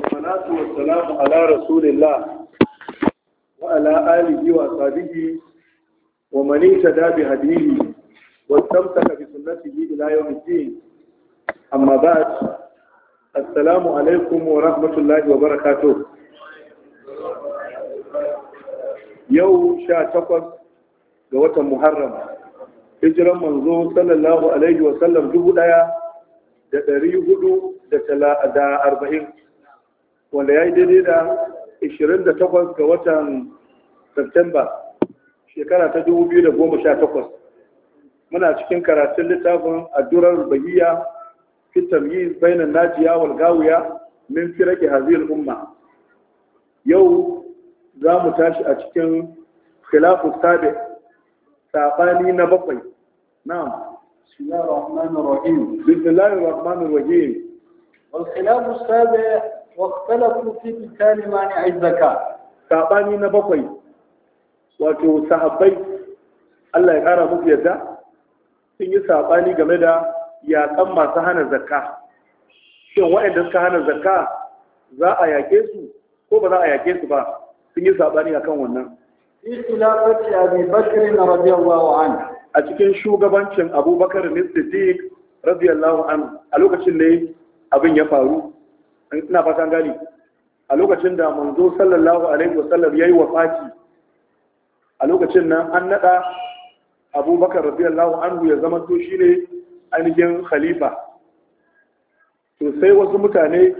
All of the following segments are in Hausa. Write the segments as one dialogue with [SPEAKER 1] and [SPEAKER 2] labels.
[SPEAKER 1] wasu wassalamu ala rasulillah wa ala alihi wa sabihi wa manita dabi hadihi wa tamtaka bi sunnati bi ila yawmi amma ba assalamu alaikum wa rahmatullahi wa barakatuh yau 18 ga watan muharram hijiran manzo sallallahu alaihi wa sallam dubu daya da ɗari hudu da arba'in wanda ya yi daidai da 28 ga watan Satumba shekara ta 2018 muna cikin karatun littafin adurar bahiya fi yi bainan najiya wal gawuya min firaqi hazir umma yau za mu tashi a cikin khilafu sabi sabani na bakwai na bismillahir rahmanir rahim bismillahir rahmanir rahim
[SPEAKER 2] wal khilafu sabi واختلفوا في قتال مانع
[SPEAKER 1] الزكاة ساباني نبقي wato sahabbai Allah ya kara musu yadda sun yi sabani game da yaƙan masu hana zakka shin waɗanda suka hana zakka za a yaƙe su ko ba za a yaƙe su ba sun yi sabani akan wannan
[SPEAKER 2] fi khilafati abi bakr radiyallahu anhu
[SPEAKER 1] a cikin shugabancin abubakar ne siddiq radiyallahu anhu a lokacin ne abin ya faru ina fatan gani a lokacin da manzo sallallahu alaihi wasallam yayi wafati a lokacin nan an nada abubakar radiyallahu anhu ya zama to shine ainihin khalifa to sai wasu mutane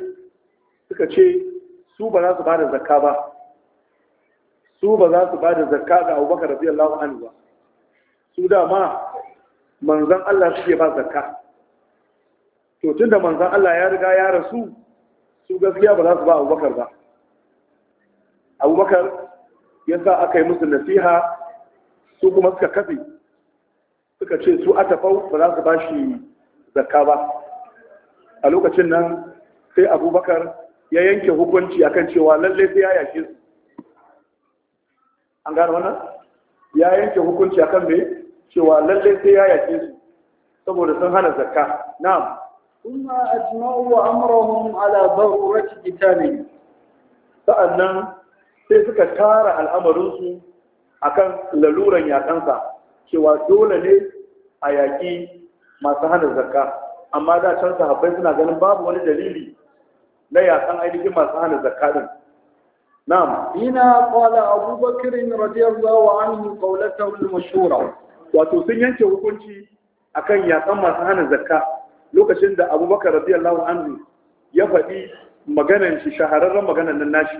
[SPEAKER 1] suka ce su ba za su bada zakka ba su ba za su bada zakka ga abubakar radiyallahu anhu ba su dama manzon Allah shi ba zakka to tunda manzon Allah ya riga ya rasu su gaskiya ba za su ba abubakar ba abubakar ya sa aka yi musu nasiha su kuma suka kafe suka ce su a tafau ba za su ba shi zakka ba a lokacin nan sai abubakar ya yanke hukunci akan cewa lallai sai ya yashe su an gano wannan ya yanke hukunci akan mai cewa lallai sai ya yashe su saboda sun hana zakka na'am
[SPEAKER 2] ثم أجمعوا أمرهم على ضرورة
[SPEAKER 1] ne. sa'annan sai suka tara al'amarinsu akan laluran yaƙansa cewa dole ne a yaƙi masu hana zakka amma da can sahabbai suna ganin babu wani dalili na yaƙan
[SPEAKER 2] ainihin masu hana zakka din na'am ina qala abubakar radiyallahu anhu qawlatahu al-mashhura wato sun yanke hukunci akan
[SPEAKER 1] yaƙan masu hana zakka lokacin da abubakar radiyallahu anhu ya faɗi maganan shi shahararren maganan nan nashi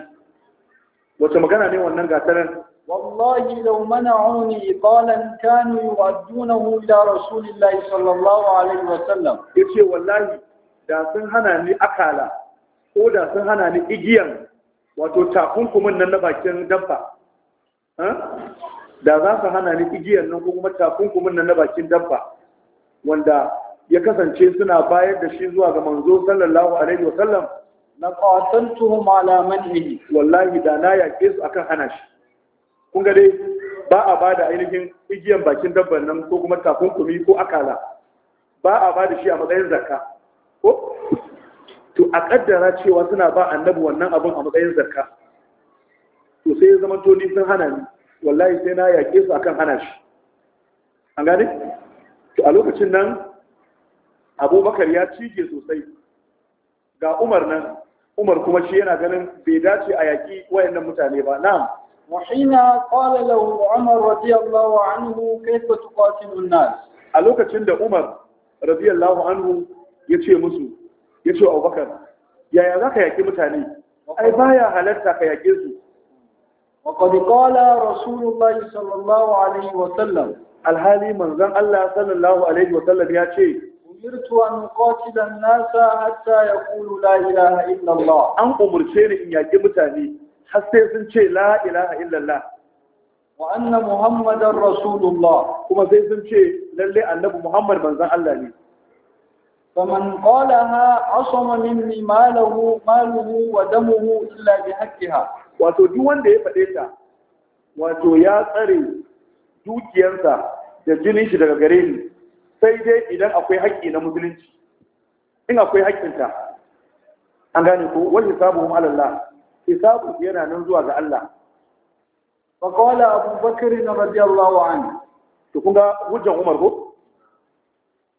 [SPEAKER 1] wace magana ne wannan gatanan
[SPEAKER 2] wallahi law mana'uni qalan kanu yu'addunahu ila rasulillahi sallallahu alaihi wa sallam yace wallahi da sun hana ni akala ko
[SPEAKER 1] da sun hana ni igiyan wato takunkumin nan na bakin dabba da za su hana ni igiyan nan ko kuma takunkumin nan na bakin dabba wanda ya kasance suna bayar da shi zuwa ga manzo sallallahu alaihi wasallam na qatantuhum ala manhi wallahi da na yake su akan hana shi kun ga dai ba a bada ainihin igiyan bakin dabban nan ko kuma takunkumi ko akala ba a bada shi a matsayin zakka ko to a kaddara cewa suna ba annabi wannan abun a matsayin zakka to sai ya zama to ni sun hana ni wallahi sai na yaƙe su akan hana shi an gane to a lokacin nan abubakar ya cije sosai ga umar nan umar kuma shi yana ganin bai dace a yaƙi wayannan mutane ba na.
[SPEAKER 2] وحين قال له عمر رضي الله عنه كيف تقاتل الناس a lokacin da umar
[SPEAKER 1] radiyallahu anhu ya ce musu ya ce abubakar yaya za ka yaƙi
[SPEAKER 2] mutane ai baya halarta ka yaƙe su وقد قال رسول الله صلى الله عليه وسلم الحالي منزل الله صلى الله عليه وسلم يا شيخ أمرت أن أقاتل الناس حتى يقولوا لا إله إلا الله
[SPEAKER 1] أن أمرتني إن يجي متاني حتى يسنشي لا إله إلا الله وأن محمد رسول الله كما سيسنشي للي النبي محمد من ذا الله لي
[SPEAKER 2] فمن قالها عصم مني ماله ماله ودمه إلا
[SPEAKER 1] بحقها wato duk wanda ya faɗe ta wato ya tsare dukiyarsa da jinin shi daga gare ni sai dai idan akwai haƙƙi na musulunci in akwai haƙƙinta an gane ko wani hisabuhum ala Allah hisabu yana nan zuwa ga Allah
[SPEAKER 2] fa qala Abu Bakr radiyallahu anhu
[SPEAKER 1] to kun ga hujjan Umar ko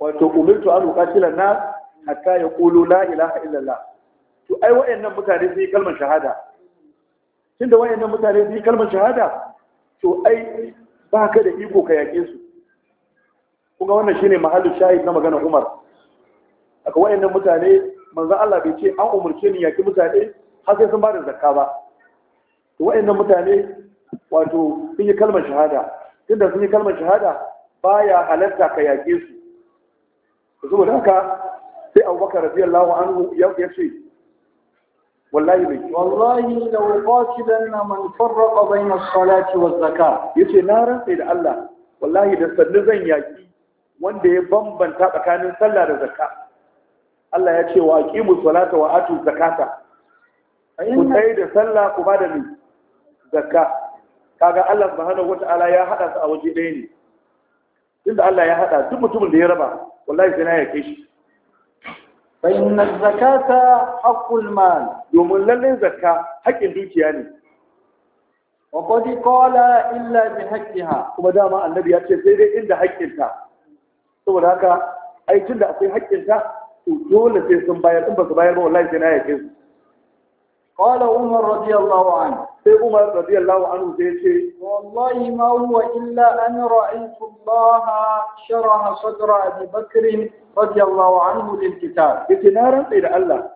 [SPEAKER 1] wato umirtu an uqatila na hatta yaqulu la ilaha illa Allah to ai wayannan mutane sai kalmar shahada tunda wayannan mutane sai
[SPEAKER 2] kalmar shahada
[SPEAKER 1] to ai ba ka da iko ka yake su kuma wannan shine mahallin shahid na maganar Umar aka wayannan mutane manzo Allah bai ce an umurce ni yaki mutane har sai sun ba da zakka ba to wayannan mutane wato sun yi kalmar shahada tunda sun yi kalmar shahada baya halarta ka yaki
[SPEAKER 2] su saboda haka sai Abubakar radiyallahu anhu ya ce wallahi bai wallahi law qatilanna man farraqa bayna as-salati waz-zakah yace na rantsa da Allah wallahi da sannu zan yaki wanda ya bambanta
[SPEAKER 1] tsakanin sallah da zakka Allah ya ce wa aqimu salata wa atu zakata ku tsaye da sallah ku ba da ni zakka kaga Allah subhanahu wata'ala ya hada su a waje ɗaya ne Inda Allah ya hada duk mutumin da ya raba
[SPEAKER 2] wallahi sai na yake shi fa zakata haqqul mal domin lallai zakka haƙin dukiya ne wa qad qala
[SPEAKER 1] illa bi haqqiha kuma dama annabi ya ce sai dai inda haƙƙinta saboda haka ai tun da akwai haƙƙinta to dole sai sun bayar in ba su bayar ba wallahi sai na yake su
[SPEAKER 2] qala umar radiyallahu anhu sai umar radiyallahu anhu sai ce wallahi ma huwa illa an ra'aytu Allah sharaha sadra Abi Bakr radiyallahu anhu lil kitab yace na rantsa da Allah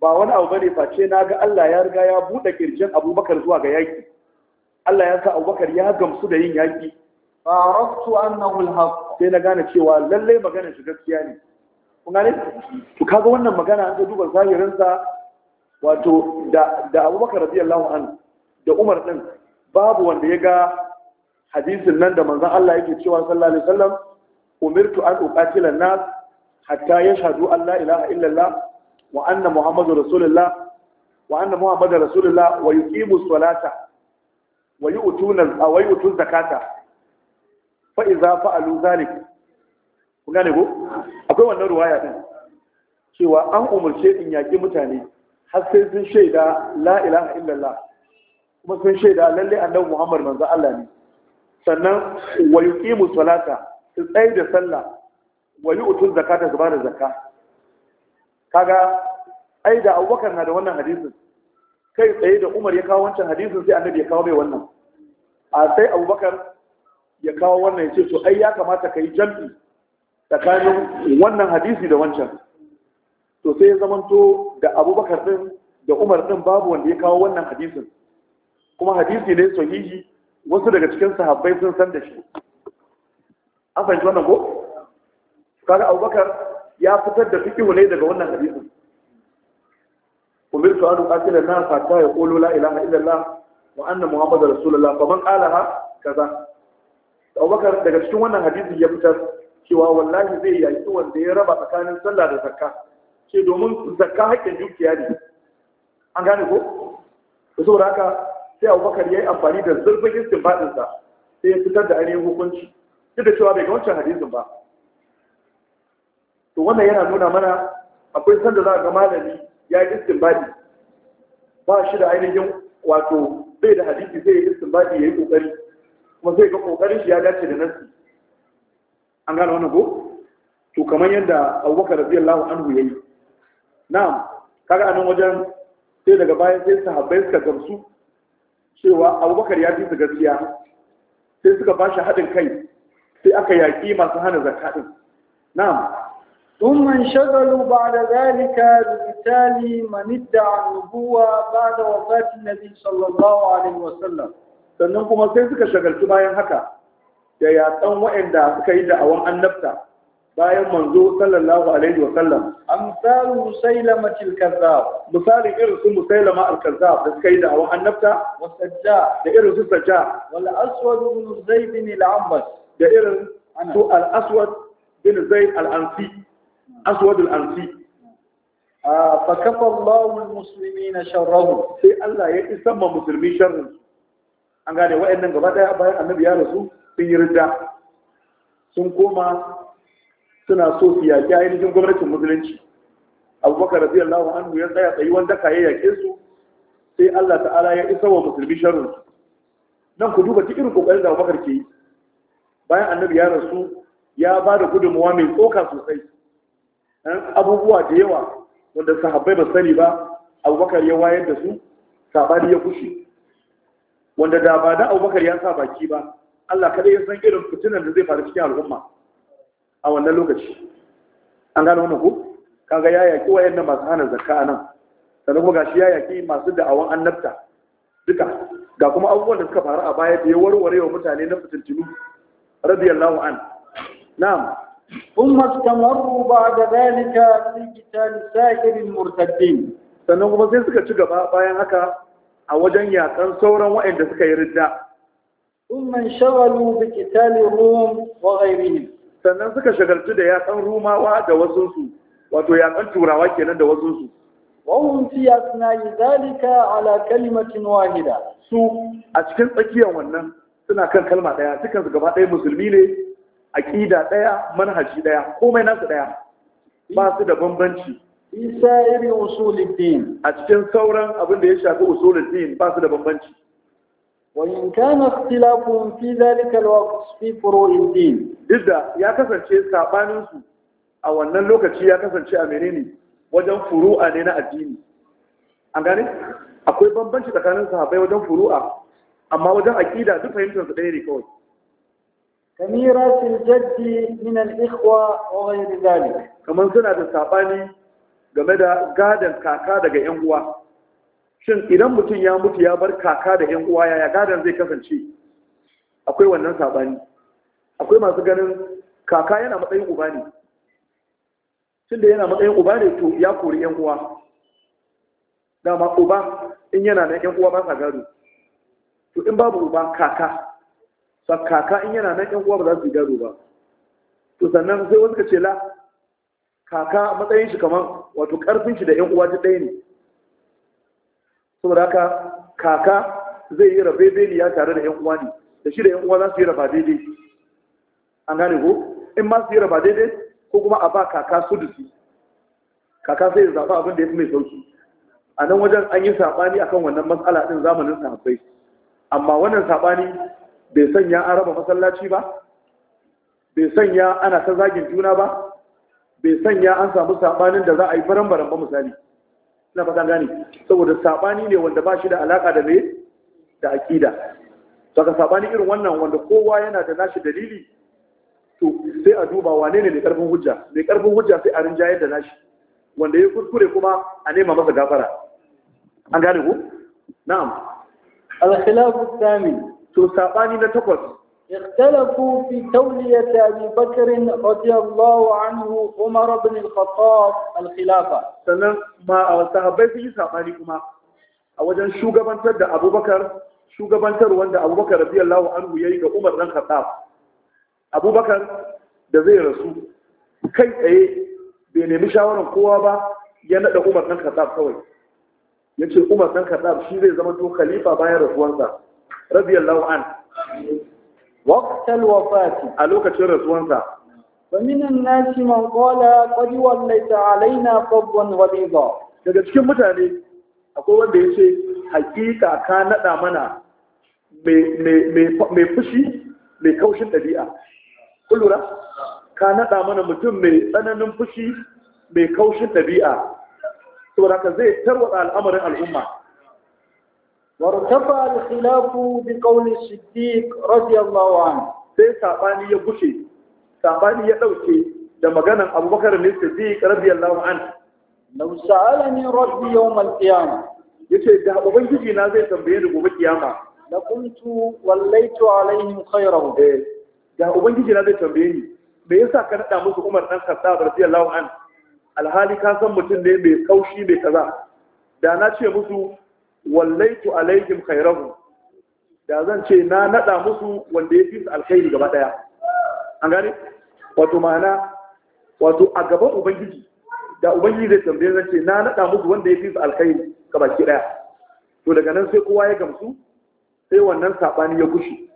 [SPEAKER 2] ba wani abu bane
[SPEAKER 1] face na ga Allah ya riga ya bude kirjin Abubakar zuwa ga yaki Allah ya sa Abubakar ya gamsu da yin yaki
[SPEAKER 2] fa raftu annahu
[SPEAKER 1] al-haqq sai na gane cewa lallai magana shi gaskiya ne kun gane to kaga wannan magana an ga duba zahirin sa wato da da Abubakar radiyallahu anhu da Umar din babu wanda ya ga hadisin nan da manzon Allah yake cewa sallallahu alaihi wasallam umirtu an uqatila nas hatta yashhadu an la ilaha illallah wa anna muhammadur rasulullah wa anna Muhammadu rasulullah wa yuqimu salata wa yu'tuna wa yu'tun zakata fa idza fa'alu zalik ku? gane ko akwai wannan ruwaya din cewa an umarce in yaƙi mutane har sai sun shaida la'ilaha illallah kuma sun shaida lalle annabi Muhammad manzo Allah ne sannan wa yuqimu salata su tsaye da sallah wa zaka ta zuba da zaka kaga ai da Abubakar na da wannan hadisin kai tsaye da Umar ya kawo wancan hadisin sai annabi ya kawo mai wannan a sai Abubakar ya kawo wannan ya ce to ai ya kamata ka yi jam'i tsakanin wannan hadisi da wancan to sai ya zamanto da abubakar din da umar din babu wanda ya kawo wannan hadisin kuma hadisi ne sahihi wasu daga cikin sahabbai sun san da shi an fahimci wannan ko kaga abubakar ya fitar da fikihu ne daga wannan hadisin umirtu an uqatila an ta ya qulu la ilaha illa allah wa anna muhammadar rasulullah man qalaha kaza abubakar daga cikin wannan hadisi ya fitar cewa wallahi zai yaƙi wanda ya raba tsakanin sallah da zakka ce domin zakka haƙƙin dukiya ne an gane ko da saboda haka sai abubakar ya yi amfani da zurfin istinbadinsa sai ya fitar da ainihin hukunci duk da cewa bai ga wancan hadisin ba to wannan yana nuna mana akwai sanda za a ga malami ya yi istinbadi ba shi da ainihin wato bai da hadisi zai yi istinbadi ya yi ƙoƙari kuma zai ga kokarin shi ya dace da nasi an gane wannan ko to kamar yadda abubakar radiyallahu anhu yayi na'am kaga anan wajen sai daga bayan sai sahabbai suka gamsu cewa abubakar ya fi gaskiya sai suka ba shi haɗin kai sai aka yaƙi masu hana zakka din na'am
[SPEAKER 2] ثم انشغلوا بعد ذلك بقتال من ادعى النبوة بعد وفاة النبي صلى الله عليه وسلم sannan kuma sai suka
[SPEAKER 1] shagaltu bayan haka da yaƙan waɗanda suka yi da'awan annabta bayan manzo sallallahu alaihi wa sallam
[SPEAKER 2] amsal musailama al-kazzab misali irin
[SPEAKER 1] su musailama al-kazzab da suka yi da da'awan annabta wa sajja da irin su sajja wal aswad ibn zayd bin al-ambas da irin su al-aswad bin zayd al-ansi aswad al-ansi ah, fa kafa Allahu al-muslimina sharrahu sai Allah ya isa ma musulmi sharrin an gane nan gaba ɗaya, bayan annabi ya rasu sun yi ridda sun koma suna so su yaƙi ainihin gwamnatin musulunci abubakar radiyallahu anhu ya tsaya tsayi wanda ka ya yaƙe su sai Allah ta'ala ya isa wa musulmi sharrin nan ku duba irin ƙoƙarin da abubakar ke yi bayan annabi ya rasu ya ba da gudunmuwa mai tsoka sosai abubuwa da yawa wanda sahabbai ba sani ba abubakar ya wayar da su sabani ya kushe wanda da ba da abubakar ya sa baki ba Allah kada ya san irin fitinan da zai faru cikin al'umma a wannan lokaci an gano wannan ku kaga ya yaki nan masu hana zakka nan sannan kuma gashi ya yaki masu da'awan annabta duka ga kuma abubuwan da suka faru a baya da ya warware
[SPEAKER 2] wa mutane na fitintinu
[SPEAKER 1] radiyallahu an na'am
[SPEAKER 2] ثم da بعد sun في قتال سائر
[SPEAKER 1] المرتدين sannan kuma sai suka ci gaba bayan haka a wajen yakan sauran wa'anda suka yi ridda man shagalu bi qitali rum wa ghayrihim sannan suka shagaltu da yakan rumawa da wasu wato yakan turawa kenan da wasu su
[SPEAKER 2] wa hum fi asna'i zalika ala kalimatin wahida su
[SPEAKER 1] a cikin tsakiyar wannan suna kan kalma daya dukan su gaba ɗaya musulmi ne aqida daya manhaji daya komai nasu daya ba su da bambanci fi sa'irin usulin a cikin
[SPEAKER 2] sauran abin da ya shafi usulin ba su da bambanci wani kana filafun fi zalika lokaci fi furoin din idda ya kasance saɓaninsu
[SPEAKER 1] a wannan lokaci ya kasance a menene wajen furu'a ne na addini an gane akwai bambanci tsakanin sahabbai wajen furu'a amma wajen aƙida duk fahimtar su ɗaya ne kawai
[SPEAKER 2] kamira fil jaddi min al wa ghayr dhalik
[SPEAKER 1] Kamar suna da sabani game da gadon kaka daga yan uwa shin idan mutum ya mutu ya bar kaka da yan uwa yaya gadon zai kasance akwai wannan sabani akwai masu ganin kaka yana matsayin uba ne Shin da yana matsayin uba ne to ya kori yan uwa dama uba in yana nan yan uwa ba sa gado to in babu uba kaka sa kaka in yana nan yan uwa ba za su yi gado ba to sannan sai wasu ka ce la kaka matsayin shi kamar wato karfin shi da yan uwa ta ɗaya ne saboda haka kaka zai yi rabe ya tare da yan uwa ne da shi da yan uwa za su yi raba daidai an gane ko in ma su yi raba daidai ko kuma a ba kaka sudusi kaka sai ya zaɓa abin da ya fi mai sauki a nan wajen an yi saɓani akan wannan matsala ɗin zamanin sahabbai amma wannan saɓani bai sanya an raba masallaci ba bai sanya ana ta zagin juna ba bai sanya an samu sabanin da za a yi baran-baran ba misali ina fata gane saboda sabani ne wanda ba shi da alaka da mai da akida saka sabani irin wannan wanda kowa yana da nashi dalili to sai a duba wane ne mai karfin hujja mai karfin hujja sai a rinjayar da nashi wanda ya kuskure kuma a nema masa gafara an
[SPEAKER 2] gane ku na'am al-khilafu to sabani na takwas اختلفوا في تولية أبي بكر رضي الله عنه عمر بن الخطاب الخلافة سنن ما صحابي في ساباني كما
[SPEAKER 1] أوجن شو قبان تد أبو بكر شو قبان تر وند أبو بكر رضي الله عنه يريد عمر بن الخطاب أبو بكر da zai rasu kai tsaye bai nemi shawarar kowa ba ya naɗa umar ɗan katsaf kawai ya ce umar ɗan katsaf shi zai zama to khalifa bayan rasuwansa radiyallahu an
[SPEAKER 2] waqtal wafati
[SPEAKER 1] a lokacin rasuwansa
[SPEAKER 2] fa minan nasi man qala qad wallaita alaina qabwan ghalidha daga cikin mutane akwai wanda yace hakika ka nada mana mai
[SPEAKER 1] fushi mai kaushin ka naɗa mana mutum mai tsananin fushi mai kaushin ɗabi'a saboda ka zai tarwatsa al'amarin
[SPEAKER 2] al'umma وارتفع الخلاف بقول الصديق رضي الله عنه sai sabani ya gushe sabani ya dauke da maganan Abubakar ne Siddiq radiyallahu anhu law sa'alani rabbi yawm al-qiyamah yace da ubangiji na zai tambaye ni gobe kiyama la kuntu wallaitu
[SPEAKER 1] alaihim khayrahu eh da na zai tambaye ni me yasa ka naɗa musu Umar dan Khattab radiyallahu anhu alhali kasan mutum ne mai kaushi mai kaza da na ce musu wallaitu alaihim khairahu da zan ce na nada musu wanda ya fi alkhairi gaba daya an gane wato ma'ana wato a gaban ubangiji da ubangiji zai tambaye zan ce na nada musu wanda ya fi su alkhairi gaba ki daya to daga nan sai kowa ya gamsu sai wannan sabani ya gushi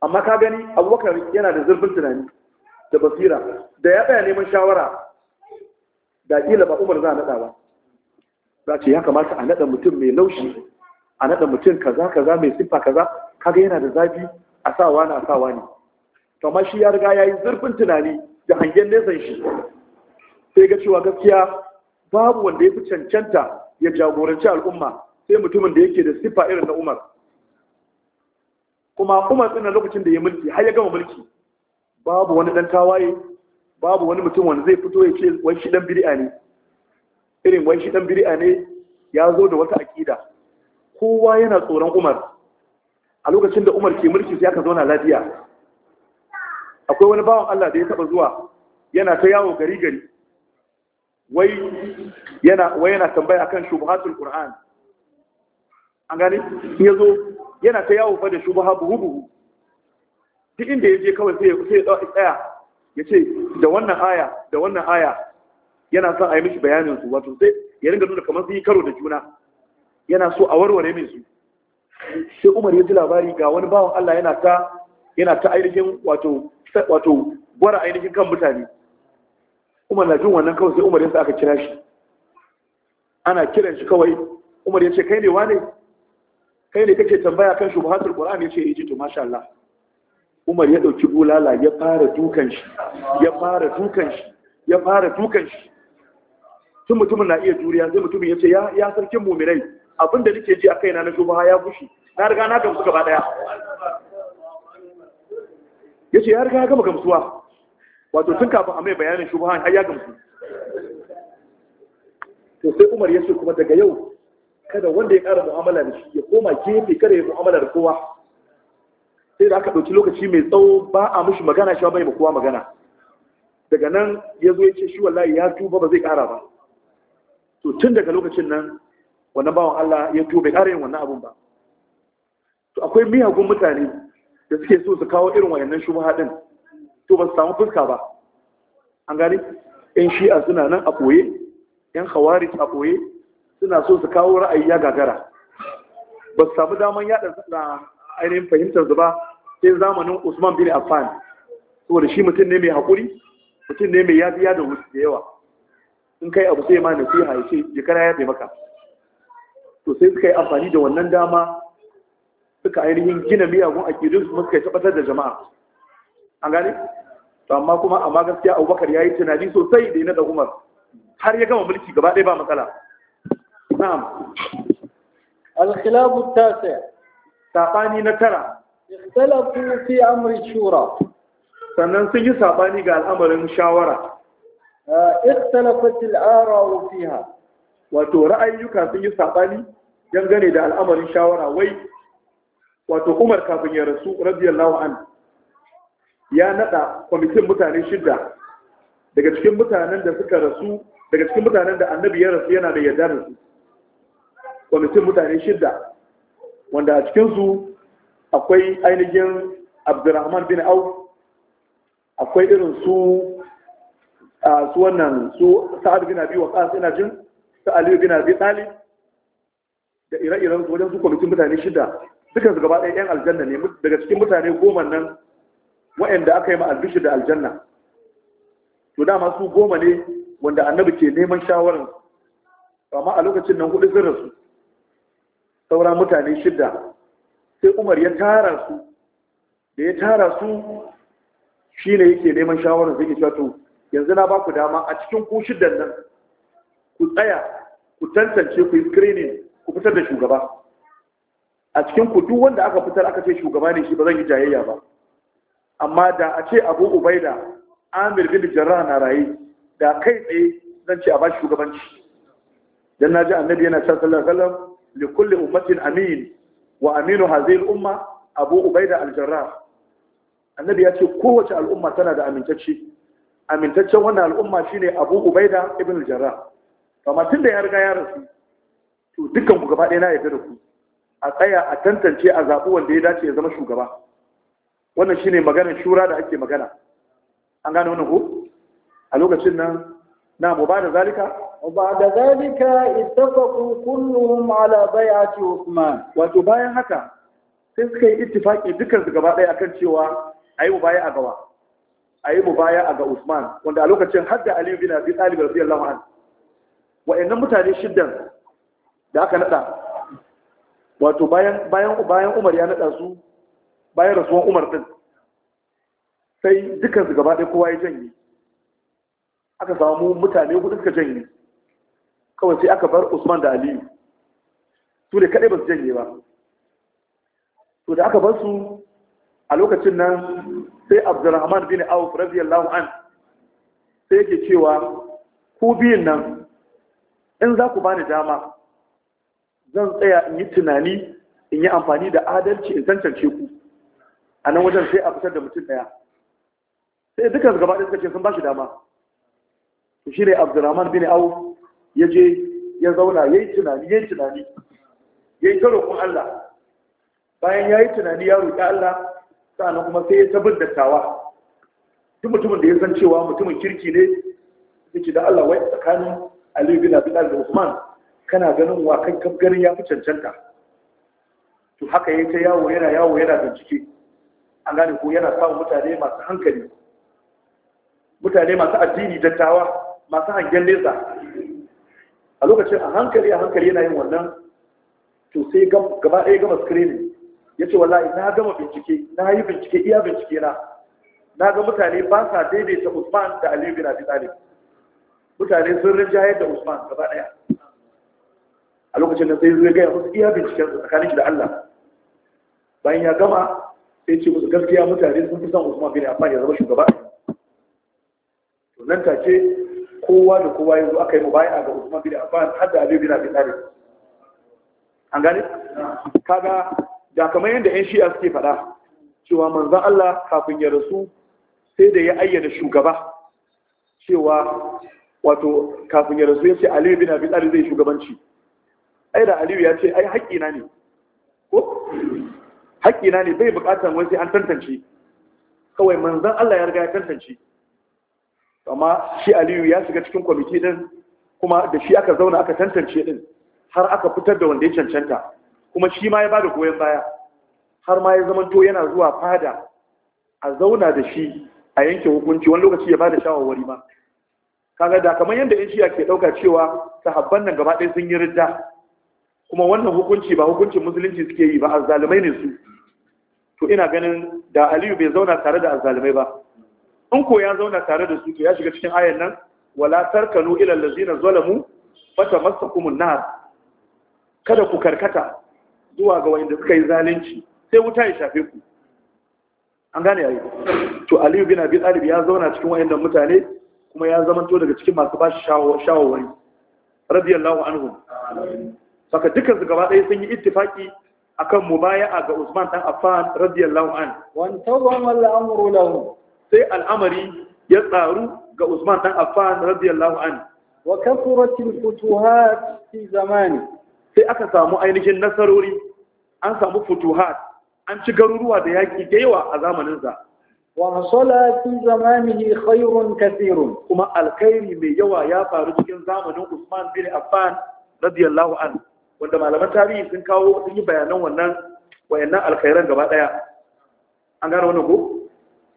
[SPEAKER 1] amma ka gani abubakar yana da zurfin tunani da basira da ya tsaya neman shawara da kila ba umar za a nada ba za ce ya kamata a naɗa mutum mai laushi a naɗa mutum kaza kaza mai siffa kaza kaga yana da zafi a sa wani a sa wani to amma shi ya riga ya yi zurfin tunani da hangen nesan shi sai ga cewa gaskiya babu wanda ya fi cancanta ya jagoranci al'umma sai mutumin da yake da siffa irin na umar kuma umar tsina lokacin da ya mulki har ya gama mulki babu wani dan tawaye babu wani mutum wanda zai fito ya ce wai shi dan bid'a ne irin wai shi dan biri'a ne ya zo da wata akida kowa yana tsoron Umar a lokacin da Umar ke mulki sai aka zauna lafiya akwai wani bawan Allah da ya taba zuwa yana ta yawo gari gari wai yana wai yana tambaya akan shubuhatul Qur'an an gane ya zo yana ta yawo fa da shubuha buhu duk inda ya je kawai sai ya tsaya ya ce da wannan aya da wannan aya yana son a yi mishi bayanin su wato sai ya ringa nuna kamar sun yi karo da juna yana so a warware min su sai umar ya ji labari ga wani bawan Allah yana ta yana ta ainihin wato wato gwara ainihin kan mutane umar na jin wannan kawai sai umar ya sa aka kira shi ana kiran shi kawai umar ya ce kai ne wane kai ne kake tambaya kan shubuhatul qur'an ya ce ya eh, yi to masha Allah umar ya dauki bulala ya fara dukan shi ya fara dukan shi ya fara dukan shi sun mutumin na iya juriya sai mutumin ya ce ya sarkin mumirai abinda nake ji a kaina na shubaha ya gushi na riga na gamsu gaba daya ya ce ya riga ya gama gamsuwa wato tun kafin a mai bayanin shubaha har ya gamsu to sai umar ya ce kuma daga yau kada wanda ya kara mu'amala da shi ya koma gefe kada ya mu'amala da kowa sai da aka ɗauki lokaci mai tsawo ba a mushi magana shi bai ma kowa magana daga nan ya zo ya ce shi wallahi ya tuba ba zai ƙara ba to tun daga lokacin nan wannan bawan Allah ya tuba ƙara yin wannan abun ba to akwai miyagun mutane da suke so su kawo irin wayannan shubha din to ba su samu fuska ba an gani yan shi'a suna nan a ɓoye yan khawari a ɓoye suna so su kawo ra'ayi ya gagara ba su samu daman yada na ainihin fahimtar su ba sai zamanin usman bin affan saboda shi mutum ne mai haƙuri mutum ne mai yafiya da wuce da yawa in kai abu sai ma nasiha ya ce jikana ya taimaka, maka to sai suka yi amfani da wannan dama suka ainihin gina miyagun akidun su suka tabbatar da jama'a an gane to amma kuma amma gaskiya Abubakar ya yi tunani sosai da yana da Umar har ya gama mulki gaba ɗaya ba matsala
[SPEAKER 2] na'am al-khilafu sabani na tara ikhtalafu fi amri shura
[SPEAKER 1] sannan sun yi sabani ga al'amarin shawara
[SPEAKER 2] اختلفت الآراء فيها wato ra'ayyuka sun yi saɓani
[SPEAKER 1] dangane da al'amarin shawara wai wato umar kafin ya rasu radiyallahu an ya naɗa kwamitin mutane shidda daga cikin mutanen da suka rasu daga cikin mutanen da annabi ya rasu yana da yarda da su kwamitin mutane shidda wanda a cikinsu akwai ainihin abdurrahman bin auf akwai irin su su wannan su sa'ad bin wa ƙasa ina jin su Aliyu bin abi talib da ire-iren su wajen su kwamitin mutane shida dukan su gaba ɗaya yan aljanna ne daga cikin mutane goma nan waɗanda aka yi ma’albishi da aljanna to dama su goma ne wanda annabi ke neman shawarar amma a lokacin nan hudu sun su? saura mutane shida sai umar ya tara su da ya tara su shi ne yake neman shawarar zai ke cewa to yanzu na ba ku dama a cikin kushin nan ku tsaya ku tantance ku yi screening ku fitar da shugaba a cikin ku duk wanda aka fitar aka ce shugaba ne shi ba zan yi jayayya ba amma da a ce abu ubaida amir bin jarrah na raye da kai tsaye zan ce a ba shugabanci dan ji annabi yana cewa sallallahu alaihi wasallam li kulli ummatin amin wa aminu hadhihi al-umma abu ubaida al-jarrah annabi ya ce kowace al'umma tana da amintacce amintaccen wannan al'umma shine Abu Ubaida ibn al-Jarrah amma tunda ya riga ya rasu to dukkan ku gaba ɗaya na yarda da ku a tsaya a tantance a zaɓi wanda ya dace ya zama shugaba wannan shine maganar shura da ake magana an gane wannan ko a lokacin
[SPEAKER 2] nan na mu ba da zalika ba da zalika ittafaqu kulluhum ala bai'ati Uthman wato bayan haka sai suka yi ittifaki dukkan su gaba
[SPEAKER 1] ɗaya akan cewa ayi mu baya a gaba a yi mubaya a ga Usman wanda a lokacin hadda Aliyu bin Abi Talib radiyallahu anhu wa'annan mutane shiddan da aka nada wato bayan bayan bayan Umar ya nada su bayan rasuwan Umar din sai dukkan su gaba ɗaya kowa ya janye aka samu mutane hudu suka janye kawai sai aka bar Usman da Aliyu su ne kaɗai ba su janye ba to da aka bar su a lokacin nan sai abdurrahman bin auf radiyallahu an sai yake cewa ku biyun nan in za ku bani dama zan tsaya in yi tunani in yi amfani da adalci in tantance ku a nan wajen sai a fitar da mutum ɗaya sai dukkan gaba suka ce sun ba shi dama to shi ne abdurrahman bin auf ya je ya zauna ya yi tunani ya yi tunani ya yi ta roƙon allah bayan ya yi tunani ya roƙi allah sa'an kuma sai ya da dattawa duk mutumin da ya san cewa mutumin kirki ne yake da Allah wai tsakanin Aliyu bin Abi Talib da Usman kana ganin wa kan kafgarin ya fi cancanta to haka yayin ta yawo yana yawo yana bincike an gane ko yana samun mutane masu hankali mutane masu addini dattawa masu hangen nesa a lokacin a hankali a hankali yana yin wannan to sai gaba ɗaya gama screening ya ce wallahi na gama bincike na yi bincike iya bincike na na ga mutane ba sa daidaita usman da aliyu bin abi talib mutane sun rinja da usman gaba daya a lokacin da sai zai gaya musu iya binciken su tsakanin shi da allah bayan ya gama sai ce musu gaskiya mutane sun fi son usman bin affan ya zama shugaba to nan take kowa da kowa yanzu aka yi bayan ga usman bin affan har da aliyu bin abi talib an gane kaga da kamar yadda 'yan shi'a suke faɗa cewa manzan Allah kafin ya rasu sai da ya ayyana shugaba cewa wato kafin ya rasu ya ce aliyu bin abin tsari zai shugabanci ai da aliyu ya ce ai haƙƙina ne ko haƙƙina ne bai buƙatar wani sai an tantance kawai manzan Allah ya riga ya tantance amma shi aliyu ya shiga cikin kwamiti din kuma da shi aka zauna aka tantance din har aka fitar da wanda ya cancanta kuma shi ma ya bada goyon baya har ma ya zamanto yana zuwa fada a zauna da shi a yanke hukunci wani lokaci ya bada shawarwari ma kaga da kamar yadda yan shiya ke ɗauka cewa sahabban nan gaba ɗaya sun yi ridda kuma wannan hukunci ba hukuncin musulunci suke yi ba azzalumai ne su to ina ganin da aliyu bai zauna tare da azzalumai ba in ko ya zauna tare da su to ya shiga cikin ayan nan wala tarkanu ila allazina zalamu fatamassakumun nar kada ku karkata zuwa ga wanda suka yi zalunci sai wuta ya shafe ku an gane yayi to aliyu bin abi talib ya zauna cikin wayannan mutane kuma ya zamanto daga cikin masu ba shi shawarwari radiyallahu anhu saka dukkan su gaba ɗaya sun yi ittifaki akan mubaya'a ga Usman dan Affan radiyallahu an wan tawama al-amru lahu sai al'amari ya tsaru ga Usman dan Affan radiyallahu an
[SPEAKER 2] wa kathurat al-futuhat fi zamani sai aka
[SPEAKER 1] samu ainihin nasarori an samu futuhat an ci garuruwa da yaƙi da yawa a zamaninsa
[SPEAKER 2] wa hasala fi zamanihi khairun kathirun kuma alkhairi mai
[SPEAKER 1] yawa ya faru cikin zamanin Usman bin Affan radiyallahu an wanda malaman tarihi sun kawo sun yi bayanan wannan wayannan alkhairan gaba daya an gane wannan ko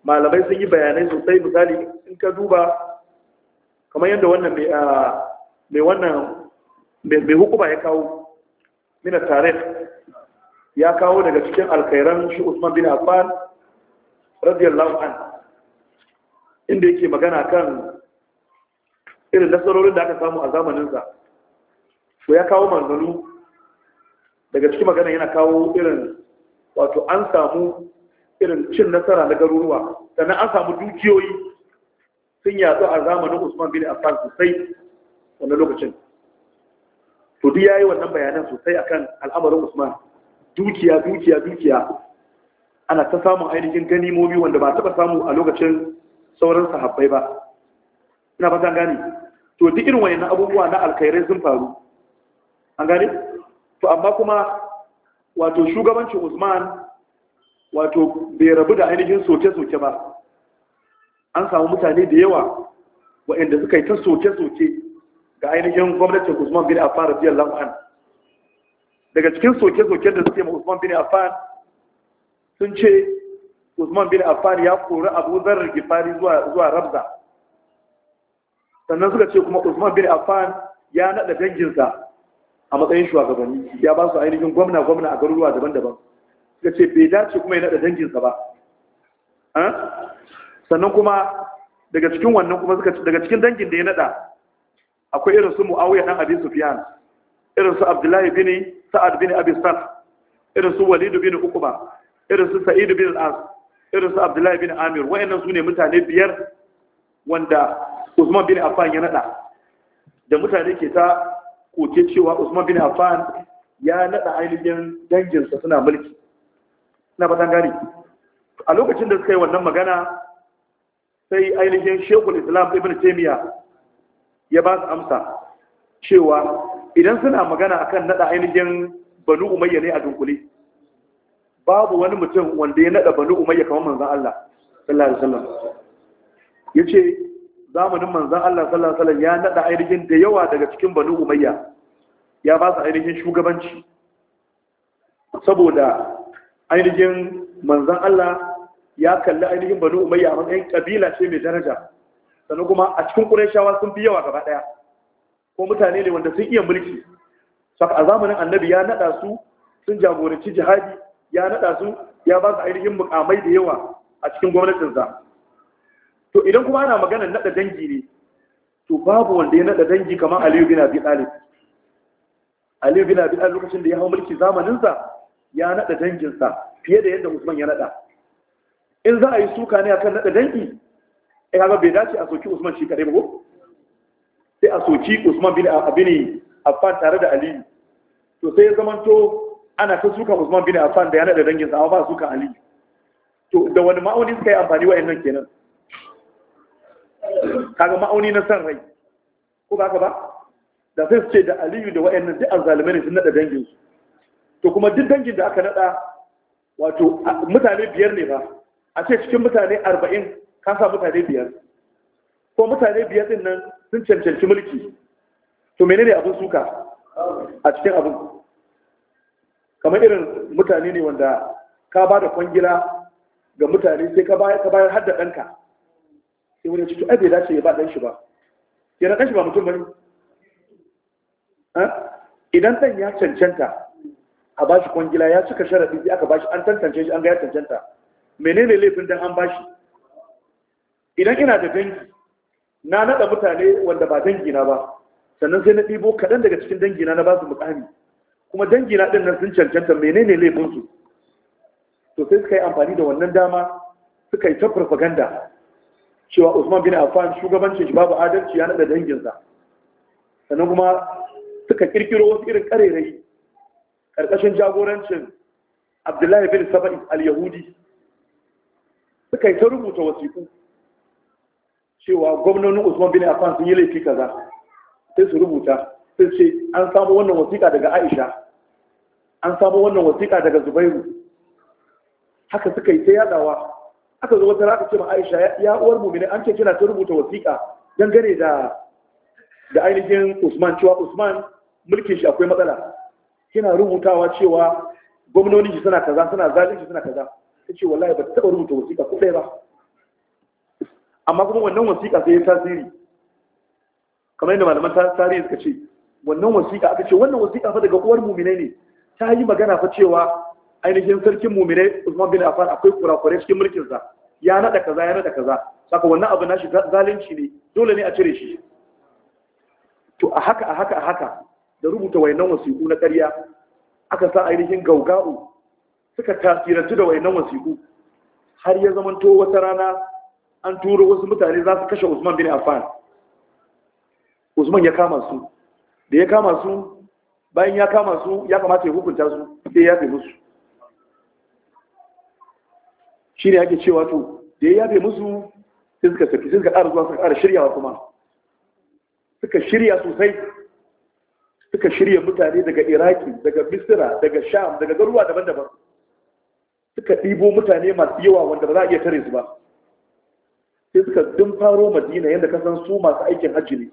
[SPEAKER 1] malamai sun yi bayanai sosai misali in ka duba kamar yadda wannan mai ah, mai wannan mai hukuma ya kawo mina tarikh ya kawo daga cikin alkhairan shi Usman bin Affan radiyallahu an inda yake magana kan irin nasarorin da aka samu a zamaninsa to ya kawo manzanu daga cikin magana yana kawo irin wato an samu irin cin nasara na garuruwa sannan an samu dukiyoyi sun yatsu a zamanin Usman bin Affan sosai wannan lokacin to duk yayi wannan bayanan sosai akan al'amarin Usman dukiya dukiya dukiya ana ta samun ainihin ganimomi wanda ba taba samu a lokacin sauran sahabbai ba ina ta gani to duk irin wayannan abubuwa na alkhairai sun faru an gane to amma kuma wato shugabancin Usman wato bai rabu da ainihin soke-soke ba an samu mutane da yawa waɗanda suka yi ta soke-soke ga ainihin gwamnatin Usman bin Affan radiyallahu anhu daga cikin soke soke da suke ma Usman bin Afan, sun ce Usman bin Afan ya kori Abu zarar Gifari zuwa Rabza sannan suka ce kuma Usman bin Afan ya nada danginsa a matsayin shugabanni ya ba su ainihin gwamna gwamna a garuruwa daban-daban suka ce bai dace kuma ya nada danginsa ba sannan kuma daga cikin wannan kuma suka daga cikin dangin da ya nada akwai irin su Muawiya dan abin sufiyan irin su Abdullahi bin sa'ad bin abi sarf irin su bin ukuba irin su bin as irin abdullahi bin amir wayannan su ne mutane biyar wanda usman bin affan ya nada da mutane ke ta koke cewa usman bin affan ya nada ainihin danginsa suna mulki na fatan gari a lokacin da suka yi wannan magana sai ainihin shekul islam ibn taimiyya ya ba su amsa cewa idan suna magana akan naɗa ainihin banu umayya ne a dunkule babu wani mutum wanda ya nada banu umayya kamar manzon Allah sallallahu alaihi wasallam yace zamanin manzon Allah sallallahu alaihi wasallam ya naɗa ainihin da yawa daga cikin banu umayya ya ba su ainihin shugabanci saboda ainihin manzon Allah ya kalli ainihin banu umayya a matsayin kabila ce mai daraja sannan kuma a cikin ƙurayshawa sun fi yawa gaba ɗaya ko mutane ne wanda sun iya mulki saka a zamanin annabi ya nada su sun jagoranci jihadi ya nada su ya ba su ainihin mukamai da yawa a cikin gwamnatinsa to idan kuma ana maganar nada dangi ne to babu wanda ya nada dangi kamar aliyu bin abi talib aliyu bin abi talib lokacin da ya hau mulki zamaninsa ya nada danginsa fiye da yadda usman ya nada in za a yi suka ne akan nada dangi eh kaga bai dace a soki usman shi kadai ba ko sai a soci usman bin abini affan tare da aliyu to sai ya zamanto ana ta suka usman bin affan da yana da danginsa amma ba suka aliyu to da wani ma'auni suka yi amfani wa nan kenan kaga ma'auni na san rai ko ba ka ba da sai su ce da aliyu da wa'annan duk azzalumai ne sun nada danginsu to kuma duk dangin da aka nada wato mutane biyar ne ba a ce cikin mutane arba'in ka sa mutane biyar ko mutane biyar din nan sun cancanci mulki to menene abin suka a cikin abin kamar irin mutane ne wanda ka ba da kwangila ga mutane sai ka bayar har da ɗanka sai wani cikin ai bai dace ya ba ɗan shi ba yana ɗan shi ba mutum bane idan ɗan ya cancanta a ba shi kwangila ya cika sharaɗi sai aka ba shi an tantance shi an ga ya cancanta menene laifin dan an ba shi idan ina da dangi na naɗa mutane wanda ba dangina ba sannan sai na ɗibo kaɗan daga cikin dangina na ba su mukami kuma dangina ɗin nan sun cancanta menene laifinsu to sai suka yi amfani da wannan dama suka yi ta farfaganda cewa usman bin affan shugabancin shi babu adalci ya naɗa danginsa sannan kuma suka kirkiro wasu irin ƙarerai ƙarƙashin jagorancin abdullahi bin saba'i al-yahudi suka yi ta rubuta wasiƙu cewa gwamnonin Usman bin Affan sun yi laifi kaza sai su rubuta sai ce an samu wannan wasiƙa daga Aisha an samu wannan wasiƙa daga Zubairu haka suka yi ta yadawa aka zo wata raka ce ma Aisha ya uwar mu an ce kina ta rubuta wasiƙa dangane da da ainihin Usman cewa Usman mulkin shi akwai matsala kina rubutawa cewa gwamnonin shi suna kaza suna zalunci suna kaza ta ce wallahi ba ta taɓa rubuta wasiƙa ko ɗaya ba amma kuma wannan wasiƙa sai ya tasiri kamar yadda malaman tarihi suka ce wannan wasiƙa aka ce wannan wasiƙa fa daga uwar muminai ne ta yi magana fa cewa ainihin sarkin muminai Usman bin Affan akwai kurakurai cikin mulkinsa, ya naɗa kaza ya nada kaza saka wannan abu nashi zalunci ne dole ne a cire shi to a haka a haka a haka da rubuta wayannan wasiƙu na ƙarya aka sa ainihin gauga'u suka tasirantu da wayannan wasiƙu har ya zamanto wata rana an turo wasu mutane za su kashe usman bin affan usman ya kama su da ya kama su bayan ya kama su ya kamata ya hukunta su sai ya fi musu shi ne ake cewa to da ya yafe musu sai suka tafi sai suka ƙara zuwa suka ƙara shiryawa kuma suka shirya sosai suka shirya mutane daga iraki daga misira daga sham daga garuwa daban-daban suka ɗibo mutane masu yawa wanda ba za a iya tare su ba sai suka dun faro madina yadda kasan su masu aikin hajji ne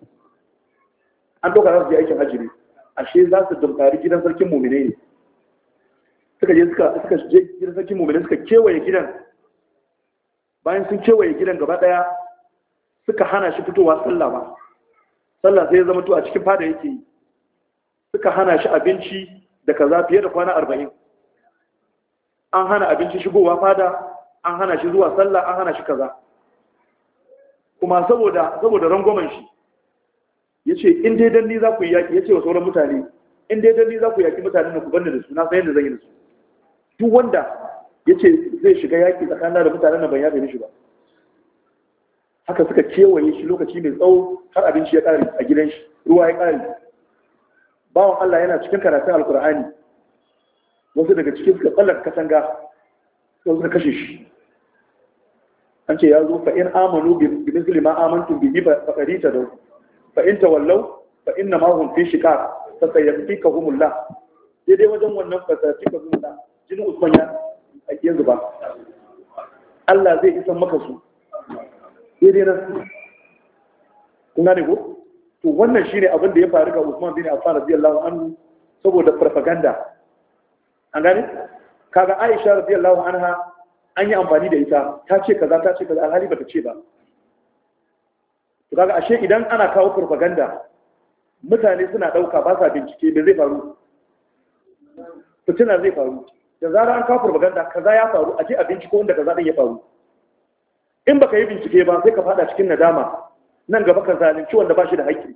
[SPEAKER 1] an ɗauka za su je aikin hajji ne ashe za su dumfari gidan sarkin mumine ne suka je suka suka je gidan sarkin mumine suka kewaye gidan bayan sun kewaye gidan gaba ɗaya suka hana shi fitowa sallah ba sallah sai ya zama to a cikin fada yake yi suka hana shi abinci da kaza fiye da kwana arba'in an hana abinci shigowa fada an hana shi zuwa sallah an hana shi kaza kuma saboda saboda rangwamen shi ce in dai dan ni za ku yi ya ce wa sauran mutane in dai dan ni za ku yaki na ku banda da su na san yadda zan yi da su duk wanda ce zai shiga yaki tsakanin da mutanen nan ban da shi ba haka suka kewaye shi lokaci mai tsawo har abinci ya kare a gidan shi ruwa ya kare bawan Allah yana cikin karatun alkur'ani wasu daga cikin suka tsallar katanga sai suka kashe shi an ce ya zo fa in amanu bi misli ma amantum bihi fa qadita fa in tawallaw fa inna ma hum fi shiqaq fa sayyafikahumullah daidai wajen wannan fasafika zuwa jini usman ya yanzu ba Allah zai isan maka su daidai nan kun gane ko to wannan shi ne abin da ya faru ga Usman bin Affan radiyallahu anhu saboda farfaganda. an gani? kaga Aisha da radiyallahu anha an yi amfani da ita ta ce kaza ta ce kaza alhali ta ce ba to kaga ashe idan ana kawo propaganda mutane suna dauka ba sa bincike da zai faru fitina zai faru da zara an kawo propaganda kaza ya faru a je a binciko inda kaza din ya faru in baka yi bincike ba sai ka fada cikin nadama nan gaba ka zalunci wanda ba shi da haƙƙi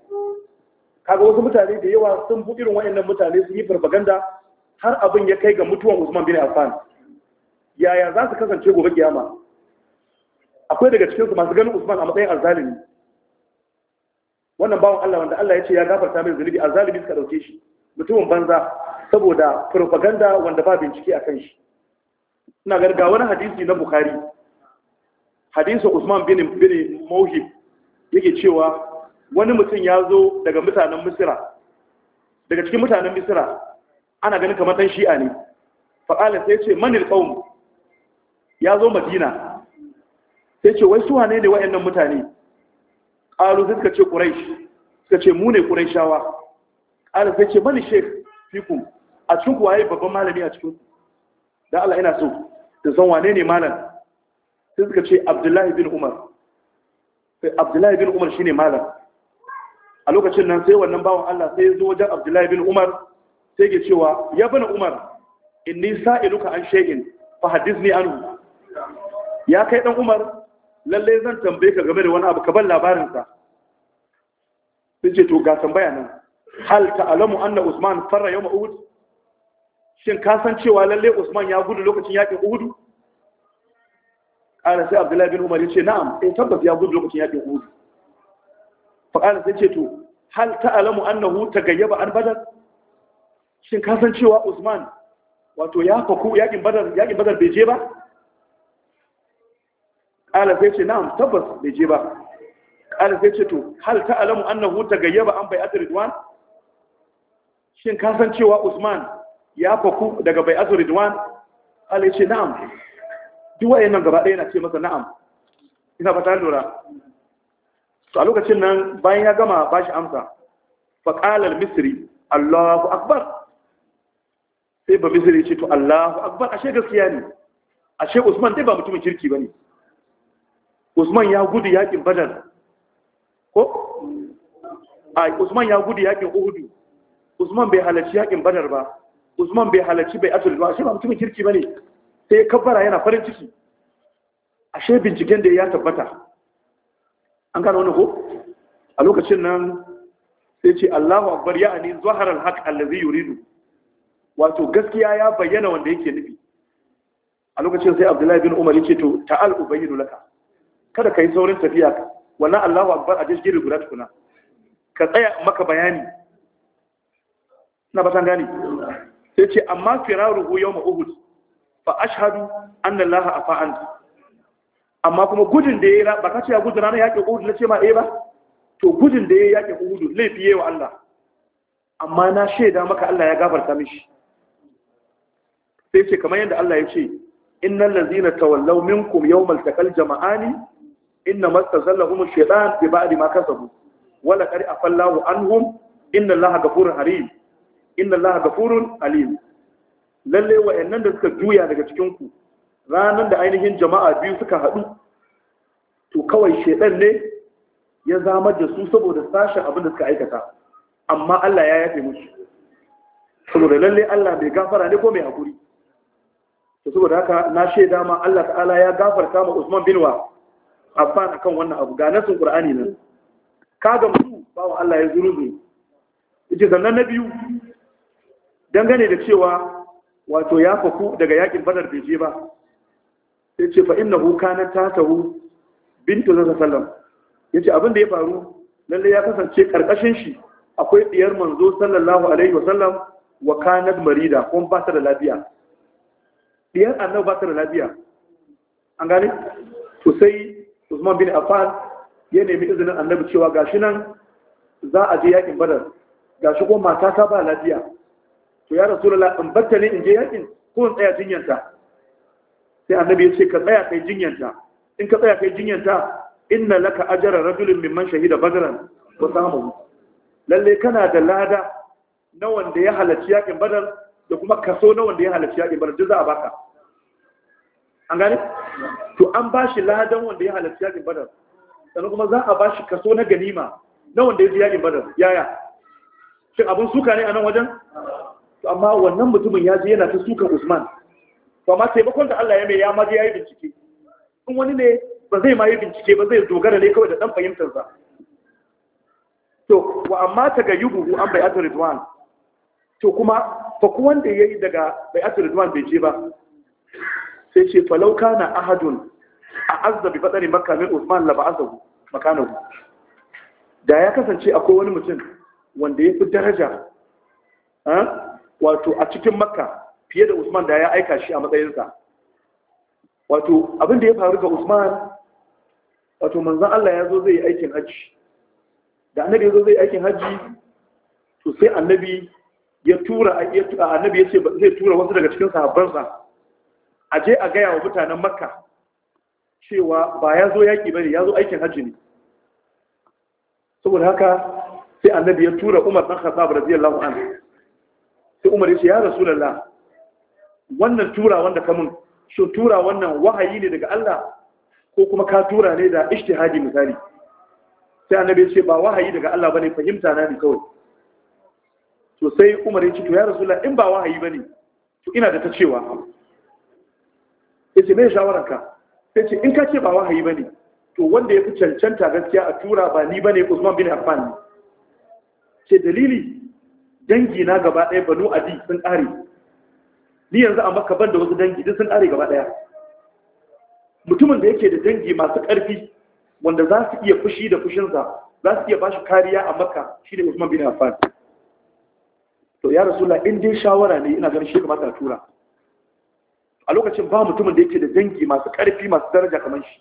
[SPEAKER 1] kaga wasu mutane da yawa sun bu irin waɗannan mutane sun yi propaganda har abin ya kai ga mutuwan Usman bin Affan yaya za su kasance gobe kiyama akwai daga cikin su masu ganin Usman a matsayin azzalimi wannan bawan Allah wanda Allah ya ce ya gafarta mai zunubi a zalibi suka dauke shi mutumin banza saboda propaganda wanda ba bincike a kan shi ina garga wani hadisi na Bukhari hadisi Usman bin bin Mawhib yake cewa wani mutum ya zo daga mutanen Misira daga cikin mutanen Misira ana ganin kamar dan Shi'a ne faqala sai ce manil ƙaun ya zo Madina sai ce wai suwa ne ne nan mutane qalu suka ce quraish suka ce mu ne quraishawa qala sai ce mani shek fiku a cikin ku waye babban malami a cikin Da dan Allah ina so da san wane ne malam sai suka ce abdullahi bin umar sai abdullahi bin umar shine malam a lokacin nan sai wannan bawan Allah sai ya zo wajen abdullahi bin umar sai ke cewa ya bana umar inni sa'iluka an shay'in fa hadithni anhu ya kai dan umar lalle zan tambaye ka game da wani abu ka bar labarinsa sun ce to ga tambaya nan hal ta'alamu anna usman farra yawm uhud shin ka san cewa lalle usman ya gudu lokacin yaƙin uhud qala sai abdullahi bin umar yace na'am eh tabbas ya gudu lokacin yaƙin uhud fa qala sai ce to hal ta'alamu annahu tagayyaba an badar shin ka san cewa usman wato ya faku yakin badar yakin badar bai je ba ƙala sai ce na'am tabbas bai je ba ƙala sai ce to hal ta alamu annahu tagayyaba an bai duwan? shin ka san cewa Usman ya faku daga bai duwan? ƙala ya ce na'am duk wayannan gaba ɗaya na ce masa na'am ina fata lura to a lokacin nan bayan ya gama ba shi amsa faƙalar misri allahu akbar sai ba misri ce to allahu akbar ashe gaskiya ne ashe usman dai ba mutumin kirki ba ne usman ya gudu yakin badar ko ai usman ya gudu yakin uhudu usman bai halarci yakin badar ba usman bai halarci bai atul ba shi ba mutumin kirki bane sai kabbara yana farin ciki ashe binciken da ya tabbata an gano wani ko a lokacin nan sai ce Allahu akbar ya'ani zahara al-haq allazi yuridu wato gaskiya ya bayyana wanda yake nufi a lokacin sai Abdullahi bin Umar yake to ta'al ubayyinu laka kada ka yi saurin tafiya wannan Allahu akbar a jirgin guda tukuna ka tsaya maka bayani na ba san gani sai ce amma hu yau uhud fa ashhadu anna Allah afa an amma kuma gudun da yayi ba ka ce ya gudun ranar yaƙin uhud na ce ma eh ba to gudun da yayi yaƙin uhud laifi yayi wa Allah amma na shaida maka Allah ya gafarta mishi sai ce kamar yadda Allah ya ce innal ladzina tawallaw minkum yawmal taqal jama'ani inna mastazallahum ash-shaytan bi ba'di ma kasabu wala qad afallahu anhum inna allaha ghafurur halim inna allaha ghafurur alim lalle da suka juya daga cikin ku ranan da ainihin jama'a biyu suka hadu to kawai shaytan ne ya zamar da su saboda sashin abin da suka aikata amma Allah ya yafe musu saboda lalle Allah bai gafara ne ko mai hakuri saboda haka na shaida ma Allah ta'ala ya gafarta ma Usman bin wa amfana kan wannan abu ga nasin ƙur'ani nan kaga mutu wa Allah ya zurube ita sannan na biyu dangane da cewa wato ya faku daga yakin Badar bai je ba ce fa na ta tatahu bintu Rasul sallam ya ce abinda ya faru lalle ya kasance karkashin shi akwai diyar manzo sallallahu alaihi wasallam wa kanat marida kuma ba ta da lafiya diyar annabi ba ta da lafiya an gane to sai usman bin affan ya nemi izinin annabi cewa gashi nan za a je yakin badar gashi ko mata ta ba lafiya to ya rasulullah in batta ne in je yakin ko in tsaya jinyanta sai annabi ya ce ka tsaya kai jinyanta in ka tsaya kai jinyanta inna laka ajara rajulin mimman shahida badran wa samu lalle kana da lada na wanda ya halarci yakin badar da kuma kaso na wanda ya halarci yakin badar duk za a baka an gane to an ba shi ladan wanda ya halarci yakin badar sannan kuma za a ba shi kaso na ganima na wanda ya ji yakin badar yaya shin abin suka ne a nan wajen to amma wannan mutumin ya je yana ta sukan usman to amma taimakon da Allah ya mai ya ma ya yi bincike in wani ne ba zai ma yi bincike ba zai dogara ne kawai da dan sa to wa amma ta ga yubuhu an bai atar ridwan to kuma fa ku wanda yayi daga bai atar ridwan bai je ba sai ce falauka na ahadun a azabi bi fadari makka min usman la makanahu da ya kasance akwai wani mutum wanda ya fi daraja wato a cikin makka fiye da usman da ya aika shi a matsayinsa wato abinda ya faru ga usman wato manzan allah ya zo zai yi aikin hajji da annabi ya zo zai yi aikin hajji to sai annabi ya tura annabi ya ce zai tura wasu daga cikin sahabbansa a je a gaya wa mutanen makka cewa ba ya zo yaƙi ba ne ya zo aikin hajji ne saboda haka sai annabi ya tura umar ɗan khattab radiyallahu an sai umar ya ce ya lalla. wannan tura wanda ka mun shi tura wannan wahayi ne daga Allah ko kuma ka tura ne da ijtihadi misali sai annabi ya ce ba wahayi daga Allah bane fahimta na ne kawai to sai umar ya ce to ya lalla in ba wahayi ne? to ina da ta cewa yace me shawaranka sai ce in ka ce ba wahayi bane to wanda ya fi cancanta gaskiya a tura ba ni bane Usman bin Affan ne ce dalili dangi na gaba ɗaya banu adi sun kare. ni yanzu a Makka ban da wasu dangi duk sun kare gaba ɗaya mutumin da yake da dangi masu ƙarfi wanda za su iya fushi da fushinsa za su iya ba shi kariya a Makka, shine Usman bin Affan to ya rasulullah in dai shawara ne ina ganin shi kamata a tura a lokacin ba mutumin da yake da dangi masu ƙarfi masu daraja kamar shi